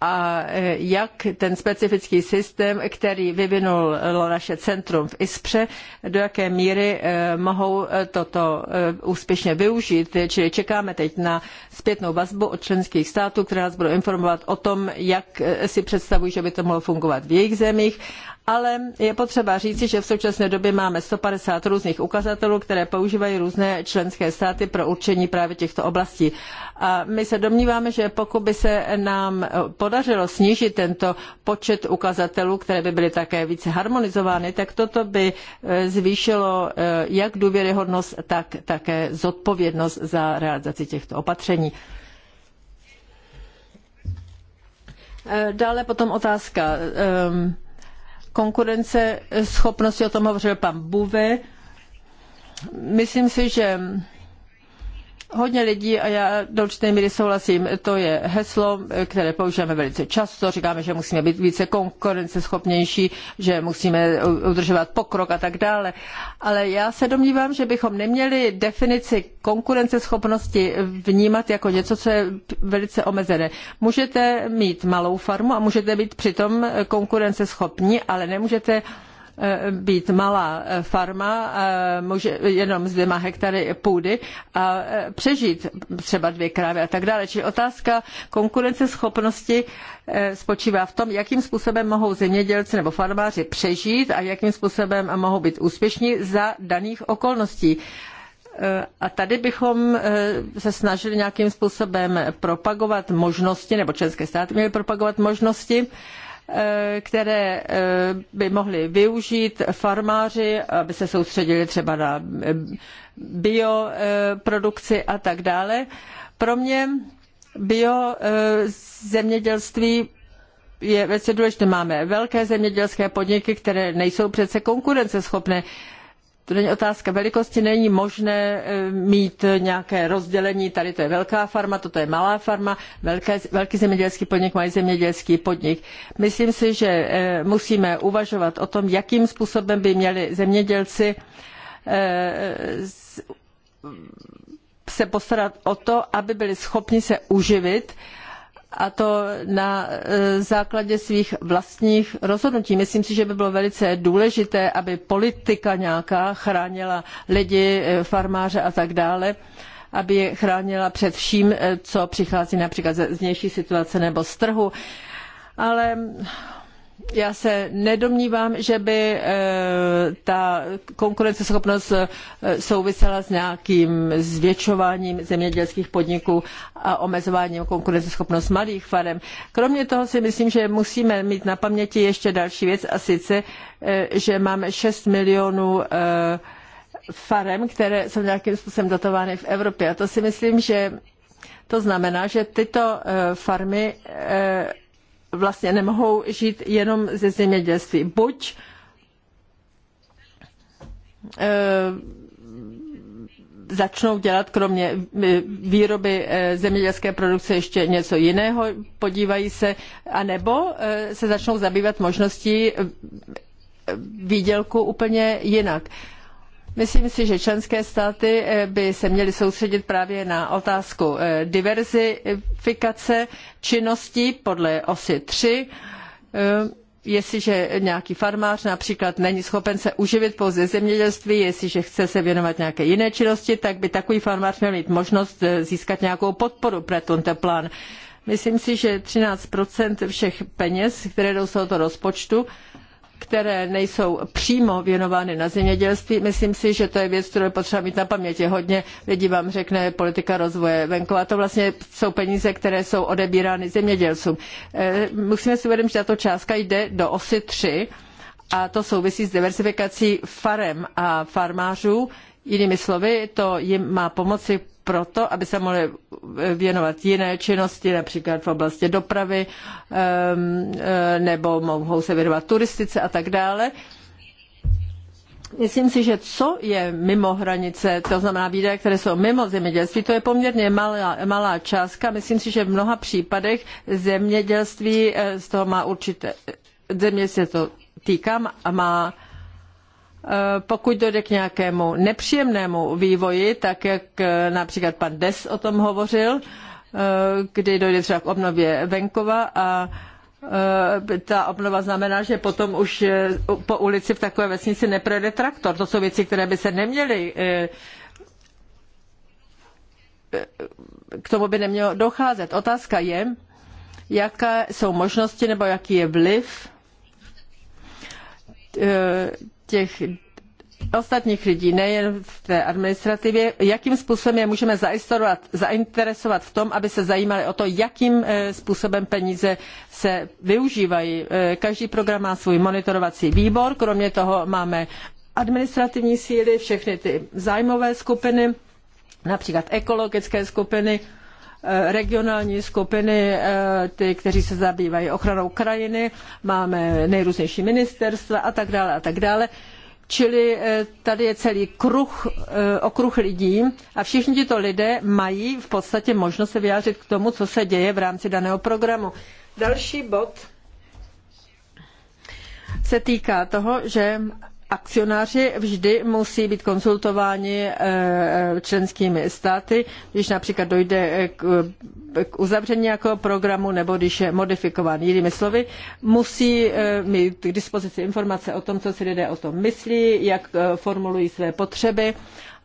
a e, jak ten specifický systém, který vyvinulo naše centrum v ISPře, do jaké míry e, mohou e, toto úspěšně využít. Čili čekáme teď na zpětnou vazbu od členských států, které nás budou informovat o tom, jak si představují, že by to mohlo fungovat v jejich zemích ale je potřeba říci, že v současné době máme 150 různých ukazatelů, které používají různé členské státy pro určení právě těchto oblastí. A my se domníváme, že pokud by se nám podařilo snížit tento počet ukazatelů, které by byly také více harmonizovány, tak toto by e, zvýšilo e, jak důvěryhodnost, tak také zodpovědnost za realizaci těchto opatření. E, dále potom otázka konkurence schopnosti, o tom hovořil pan Buve. Myslím si, že Hodně lidí, a já do určité míry souhlasím, to je heslo, které používáme velice často. Říkáme, že musíme být více konkurenceschopnější, že musíme udržovat pokrok a tak dále. Ale já se domnívám, že bychom neměli definici konkurenceschopnosti vnímat jako něco, co je velice omezené. Můžete mít malou farmu a můžete být přitom konkurenceschopní, ale nemůžete Eh, být malá eh, farma, eh, může jenom s dvěma hektary půdy a přežít třeba dvě krávy a tak dále. Čili otázka konkurenceschopnosti spočívá v tom, jakým způsobem mohou zemědělci nebo farmáři přežít a jakým způsobem mohou být úspěšní za daných okolností. A tady bychom se snažili nějakým způsobem propagovat možnosti, nebo členské státy měly propagovat možnosti, Eh, které eh, by mohli využít farmáři, aby se soustředili třeba na eh, bioprodukci a tak dále. Pro mě biozemědělství je velice důležité. Máme velké zemědělské podniky, které nejsou přece konkurenceschopné to není otázka velikosti, není možné eh, mít nějaké rozdělení, tady to je velká farma, toto je malá farma, velké, velký zemědělský podnik, malý zemědělský podnik. Myslím si, že eh, musíme uvažovat o tom, jakým způsobem by měli zemědělci eh, se postarat o to, aby byli schopni se uživit a to na e, základě svých vlastních rozhodnutí. Myslím si, že by bylo velice důležité, aby politika nějaká chránila lidi, e, farmáře a tak dále, aby je chránila před vším, e, co přichází například z vnější situace nebo z trhu. Ale já se nedomnívám, že by eh, ta konkurenceschopnost eh, souvisela s nějakým zvětšováním zemědělských podniků a omezováním konkurenceschopnost malých farem. Kromě toho si myslím, že musíme mít na paměti ještě další věc a sice, eh, že máme 6 milionů farem, které jsou nějakým způsobem dotovány v Evropě. A to si myslím, že to znamená, že tyto farmy vlastně nemohou žít jenom ze zemědělství. Buď eh, začnou dělat kromě eh, výroby eh, zemědělské produkce ještě něco jiného, podívají se, anebo se začnou zabývat možností výdělku úplně jinak. Myslím si, že členské státy eh, by se měly soustředit právě na otázku eh, diverzifikace činností podle osy 3 eh, jestliže nějaký farmář například není schopen se uživit pouze zemědělství, jestliže chce se věnovat nějaké jiné činnosti, tak by takový farmář měl mít možnost získat nějakou podporu pro tento plán. Myslím si, že 13 všech peněz, které jdou z tohoto rozpočtu, které nejsou přímo věnovány na zemědělství. Myslím si, že to je věc, kterou je potřeba mít na paměti. Hodně lidí vám řekne politika rozvoje venkova. To vlastně jsou peníze, které jsou odebírány zemědělcům. Eh, musíme si uvědomit, že tato částka jde do osy 3 a to souvisí s diversifikací farem a farmářů. Jinými slovy, to jim má pomoci proto, aby se mohly věnovat jiné činnosti, například v oblasti dopravy, eh, nebo mohou se věnovat turistice a tak dále. Myslím si, že co je mimo hranice, to znamená výdaje, které jsou mimo zemědělství, to je poměrně malá, malá částka. Myslím si, že v mnoha případech zemědělství eh, z toho má určité, země se to týká a má Eh, pokud dojde k nějakému nepříjemnému vývoji, tak jak eh, například pan Des o tom hovořil, eh, kdy dojde třeba k obnově venkova a ta obnova znamená, že potom už po ulici v takové vesnici neprojede traktor. To jsou věci, které by se neměly k tomu by nemělo docházet. Otázka je, jaké jsou možnosti nebo jaký je vliv těch ostatních lidí, nejen v té administrativě, jakým způsobem je můžeme zainteresovat v tom, aby se zajímali o to, jakým eh, způsobem peníze se využívají. Eh, každý program má svůj monitorovací výbor, kromě toho máme administrativní síly, všechny ty zájmové skupiny, například ekologické skupiny, Eh, regionální skupiny, eh, ty, kteří se zabývají ochranou krajiny, máme nejrůznější ministerstva a tak dále a tak dále. Čili eh, tady je celý kruh, okruh lidí a všichni tito lidé mají v podstatě možnost se vyjádřit k tomu, co se děje v rámci daného programu. Další bod se týká toho, že akcionáři vždy musí být konzultováni eh, členskými státy, když například dojde k, uzavření nějakého programu nebo když je modifikován. Jinými slovy, musí eh, mít k dispozici informace o tom, co si lidé o tom myslí, jak eh, formulují své potřeby.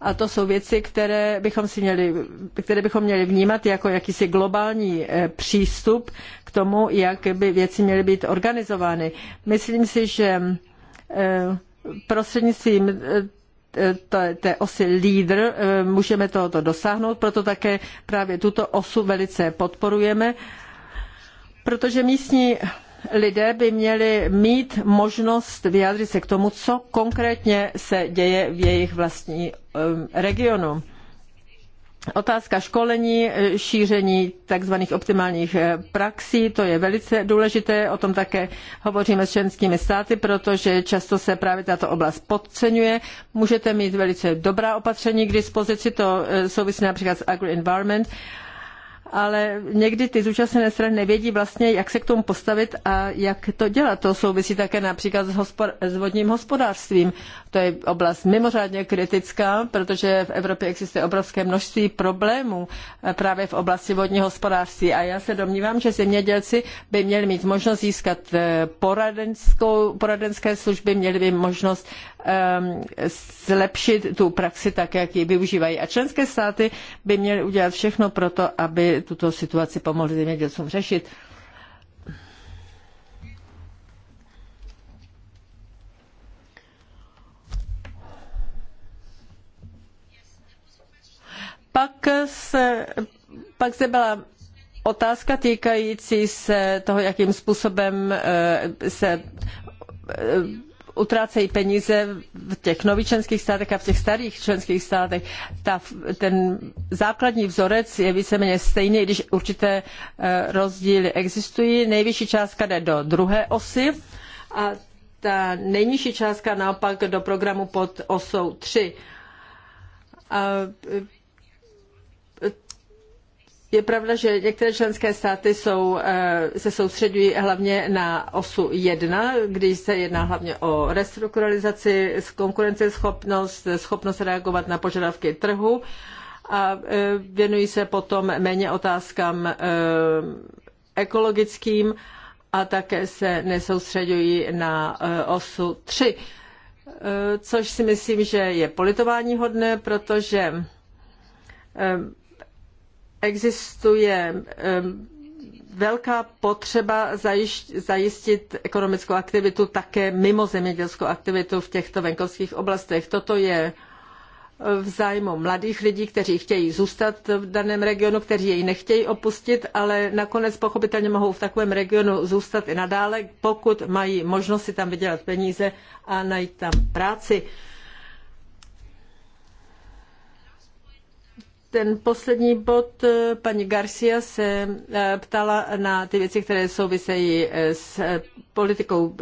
A to jsou věci, které bychom, si měli, které bychom měli vnímat jako jakýsi globální přístup k tomu, jak by věci měly být organizovány. Myslím si, že prostřednictvím eh, eh, té, osy lídr eh, můžeme tohoto dosáhnout, proto také právě tuto osu velice podporujeme, protože místní lidé by měli mít možnost vyjádřit se k tomu, co konkrétně se děje v jejich vlastní regionu. Otázka školení, šíření tzv. optimálních eh, praxí, to je velice důležité, o tom také hovoříme s členskými státy, protože často se právě tato oblast podceňuje. Můžete mít velice dobrá opatření k dispozici, to eh, souvisí například s agri-environment, ale někdy ty zúčastněné strany nevědí vlastně, jak se k tomu postavit a jak to dělat. To souvisí také například s, hospod- s vodním hospodářstvím. To je oblast mimořádně kritická, protože v Evropě existuje obrovské množství problémů právě v oblasti vodního hospodářství. A já se domnívám, že zemědělci by měli mít možnost získat eh, poradenskou, poradenské služby, měli by možnost Ehm, zlepšit tu praxi tak, jak ji využívají. A členské státy by měly udělat všechno pro to, aby tuto situaci pomohly zemědělcům řešit. Pak, se, pak zde byla otázka týkající se toho, jakým způsobem eh, se eh, utrácejí peníze v těch nových členských státech a v těch starých členských státech. Ta, ten základní vzorec je víceméně stejný, když určité eh, rozdíly existují. Nejvyšší částka jde do druhé osy a ta nejnižší částka naopak do programu pod osou 3. A eh, je pravda, že některé členské státy jsou, eh, se soustředují hlavně na osu 1, když se jedná hlavně o restrukturalizaci, konkurenceschopnost, schopnost reagovat na požadavky trhu a eh, věnují se potom méně otázkám eh, ekologickým a také se nesoustředují na osu 3, což si myslím, že je politováníhodné, protože existuje velká potřeba zajistit ekonomickou aktivitu také mimo zemědělskou aktivitu v těchto venkovských oblastech. Toto je v zájmu mladých lidí, kteří chtějí zůstat v daném regionu, kteří jej nechtějí opustit, ale nakonec pochopitelně mohou v takovém regionu zůstat i nadále, pokud mají možnost si tam vydělat peníze a najít tam práci. ten poslední bod, eh, paní Garcia se eh, ptala na ty věci, které souvisejí eh, s politikou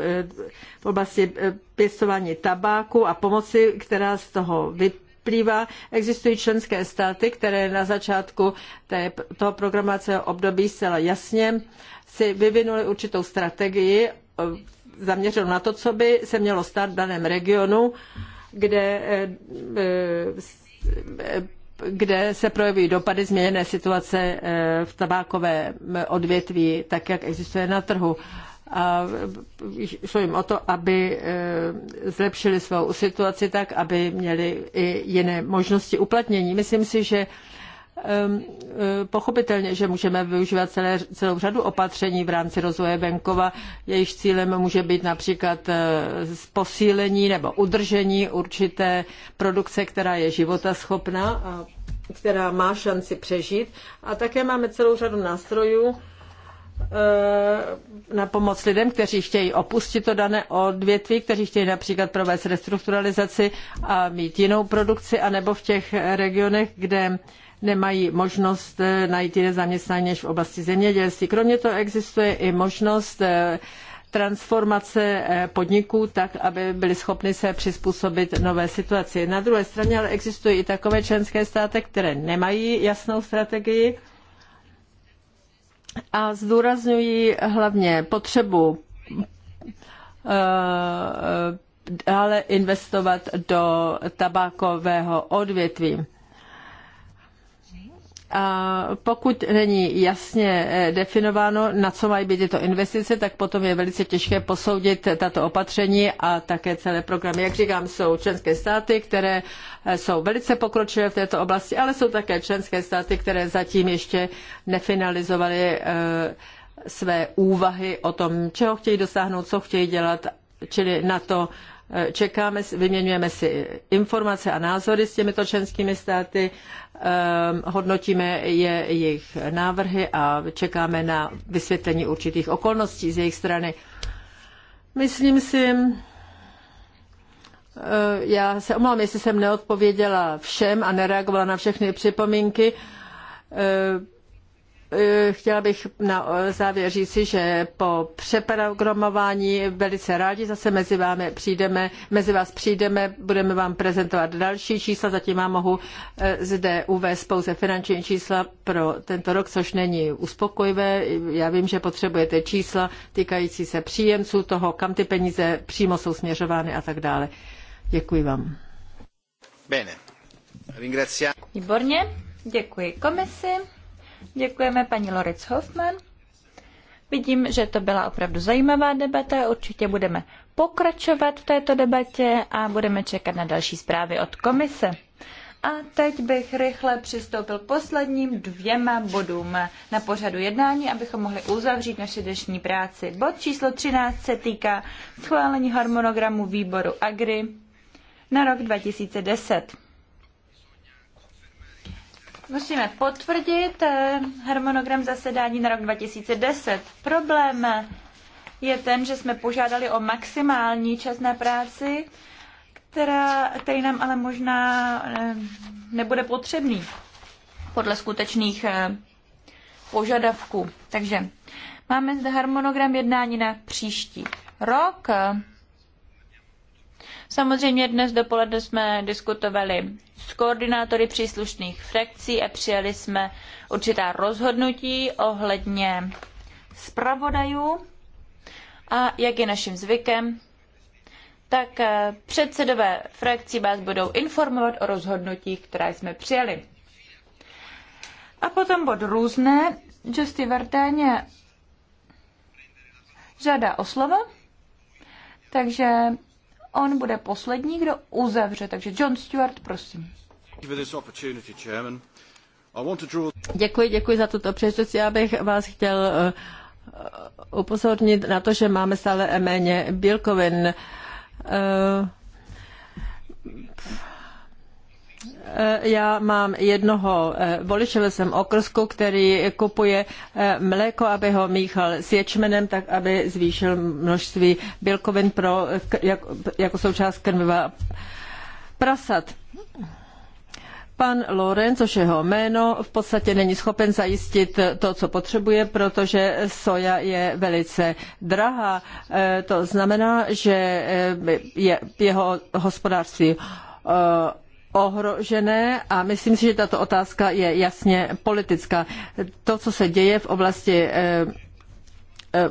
v oblasti pěstování tabáku a pomoci, která z toho vyplývá. Existují členské státy, které na začátku té, toho programovacího období zcela jasně si vyvinuli určitou strategii zaměřenou na to, co by se mělo stát v daném regionu, kde kde se projeví dopady změněné situace eh, v tabákovém odvětví, tak jak existuje na trhu. A šlo jim o to, aby eh, zlepšili svou situaci tak, aby měli i jiné možnosti uplatnění. Myslím si, že Ehm, eh, pochopitelně, že můžeme využívat celé, celou řadu opatření v rámci rozvoje venkova. Jejich cílem může být například eh, posílení nebo udržení určité produkce, která je životaschopná a která má šanci přežít. A také máme celou řadu nástrojů eh, na pomoc lidem, kteří chtějí opustit to dané odvětví, kteří chtějí například provést restrukturalizaci a mít jinou produkci, anebo v těch regionech, kde nemají možnost eh, najít jiné zaměstnání než v oblasti zemědělství. Kromě toho existuje i možnost eh, transformace eh, podniků tak, aby byly schopny se přizpůsobit nové situaci. Na druhé straně ale existují i takové členské státy, které nemají jasnou strategii a zdůrazňují hlavně potřebu dále investovat do tabákového odvětví. A pokud není jasně eh, definováno, na co mají být tyto investice, tak potom je velice těžké posoudit tato opatření a také celé programy. Jak říkám, jsou členské státy, které eh, jsou velice pokročilé v této oblasti, ale jsou také členské státy, které zatím ještě nefinalizovaly eh, své úvahy o tom, čeho chtějí dosáhnout, co chtějí dělat, čili na to Eh, čekáme, vyměňujeme si informace a názory s těmito členskými státy, ehm, hodnotíme je jejich návrhy a čekáme na vysvětlení určitých okolností z jejich strany. Myslím si, eh, já se omlouvám, jestli jsem neodpověděla všem a nereagovala na všechny připomínky. Eh, Eh, chtěla bych na závěr říci, že po přeprogramování velice rádi zase mezi, vámi přijdeme, mezi vás přijdeme, budeme vám prezentovat další čísla, zatím vám mohu eh, zde uvést pouze finanční čísla pro tento rok, což není uspokojivé. Já vím, že potřebujete čísla týkající se příjemců toho, kam ty peníze přímo jsou směřovány a tak dále. Děkuji vám. Bene. Výborně, děkuji komisi. Děkujeme paní Loritz Hoffman. Vidím, že to byla opravdu zajímavá debata. Určitě budeme pokračovat v této debatě a budeme čekat na další zprávy od komise. A teď bych rychle přistoupil posledním dvěma bodům na pořadu jednání, abychom mohli uzavřít naše dnešní práci. Bod číslo 13 se týká schválení harmonogramu výboru AGRI na rok 2010. Musíme potvrdit eh, harmonogram zasedání na rok 2010. Problém je ten, že jsme požádali o maximální čas na práci, která, který nám ale možná eh, nebude potřebný podle skutečných eh, požadavků. Takže máme zde harmonogram jednání na příští rok. Samozřejmě dnes dopoledne jsme diskutovali s koordinátory příslušných frakcí a přijali jsme určitá rozhodnutí ohledně zpravodajů. A jak je naším zvykem, tak eh, předsedové frakcí vás budou informovat o rozhodnutích, která jsme přijali. A potom bod různé. Justy Vartáně žádá o slovo, takže on bude poslední, kdo uzavře. Takže John Stewart, prosím. Děkuji, děkuji za tuto příležitost. Já bych vás chtěl eh, eh, upozornit na to, že máme stále méně bílkovin. Uh, Eh, já mám jednoho eh, voliče ve svém okrsku, který kupuje eh, mléko, aby ho míchal s ječmenem, tak aby zvýšil množství bílkovin pro, jako součást krmiva prasat. Pan Loren, což jeho jméno, v podstatě není schopen zajistit to, co potřebuje, protože soja je velice drahá. To znamená, že je jeho hospodářství ohrožené a myslím si, že tato otázka je jasně politická. To, co se děje v oblasti eh, eh,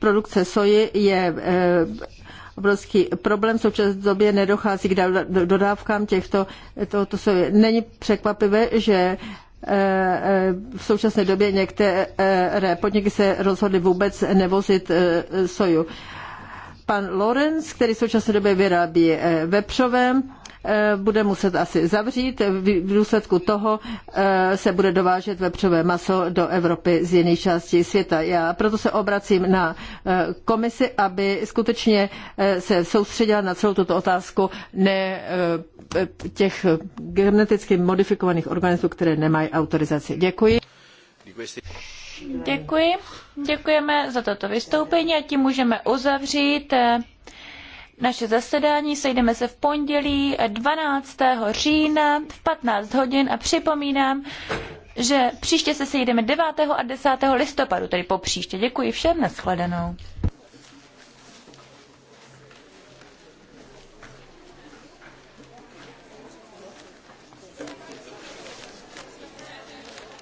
produkce soji, je eh, obrovský problém. V současné době nedochází k dodávkám těchto tohoto soje. Není překvapivé, že v současné době některé podniky se rozhodly vůbec nevozit soju. Pan Lorenz, který v současné době vyrábí vepřové, Eh, bude muset asi zavřít. V důsledku toho eh, se bude dovážet vepřové maso do Evropy z jiných částí světa. Já proto se obracím na eh, komisi, aby skutečně se soustředila na celou tuto otázku ne těch geneticky modifikovaných organismů, které nemají autorizaci. Děkuji. Děkuji. Děkujeme za toto vystoupení a tím můžeme uzavřít naše zasedání. Sejdeme se v pondělí 12. října v 15 hodin a připomínám, že příště se sejdeme 9. a 10. listopadu, tedy po příště. Děkuji všem, nashledanou.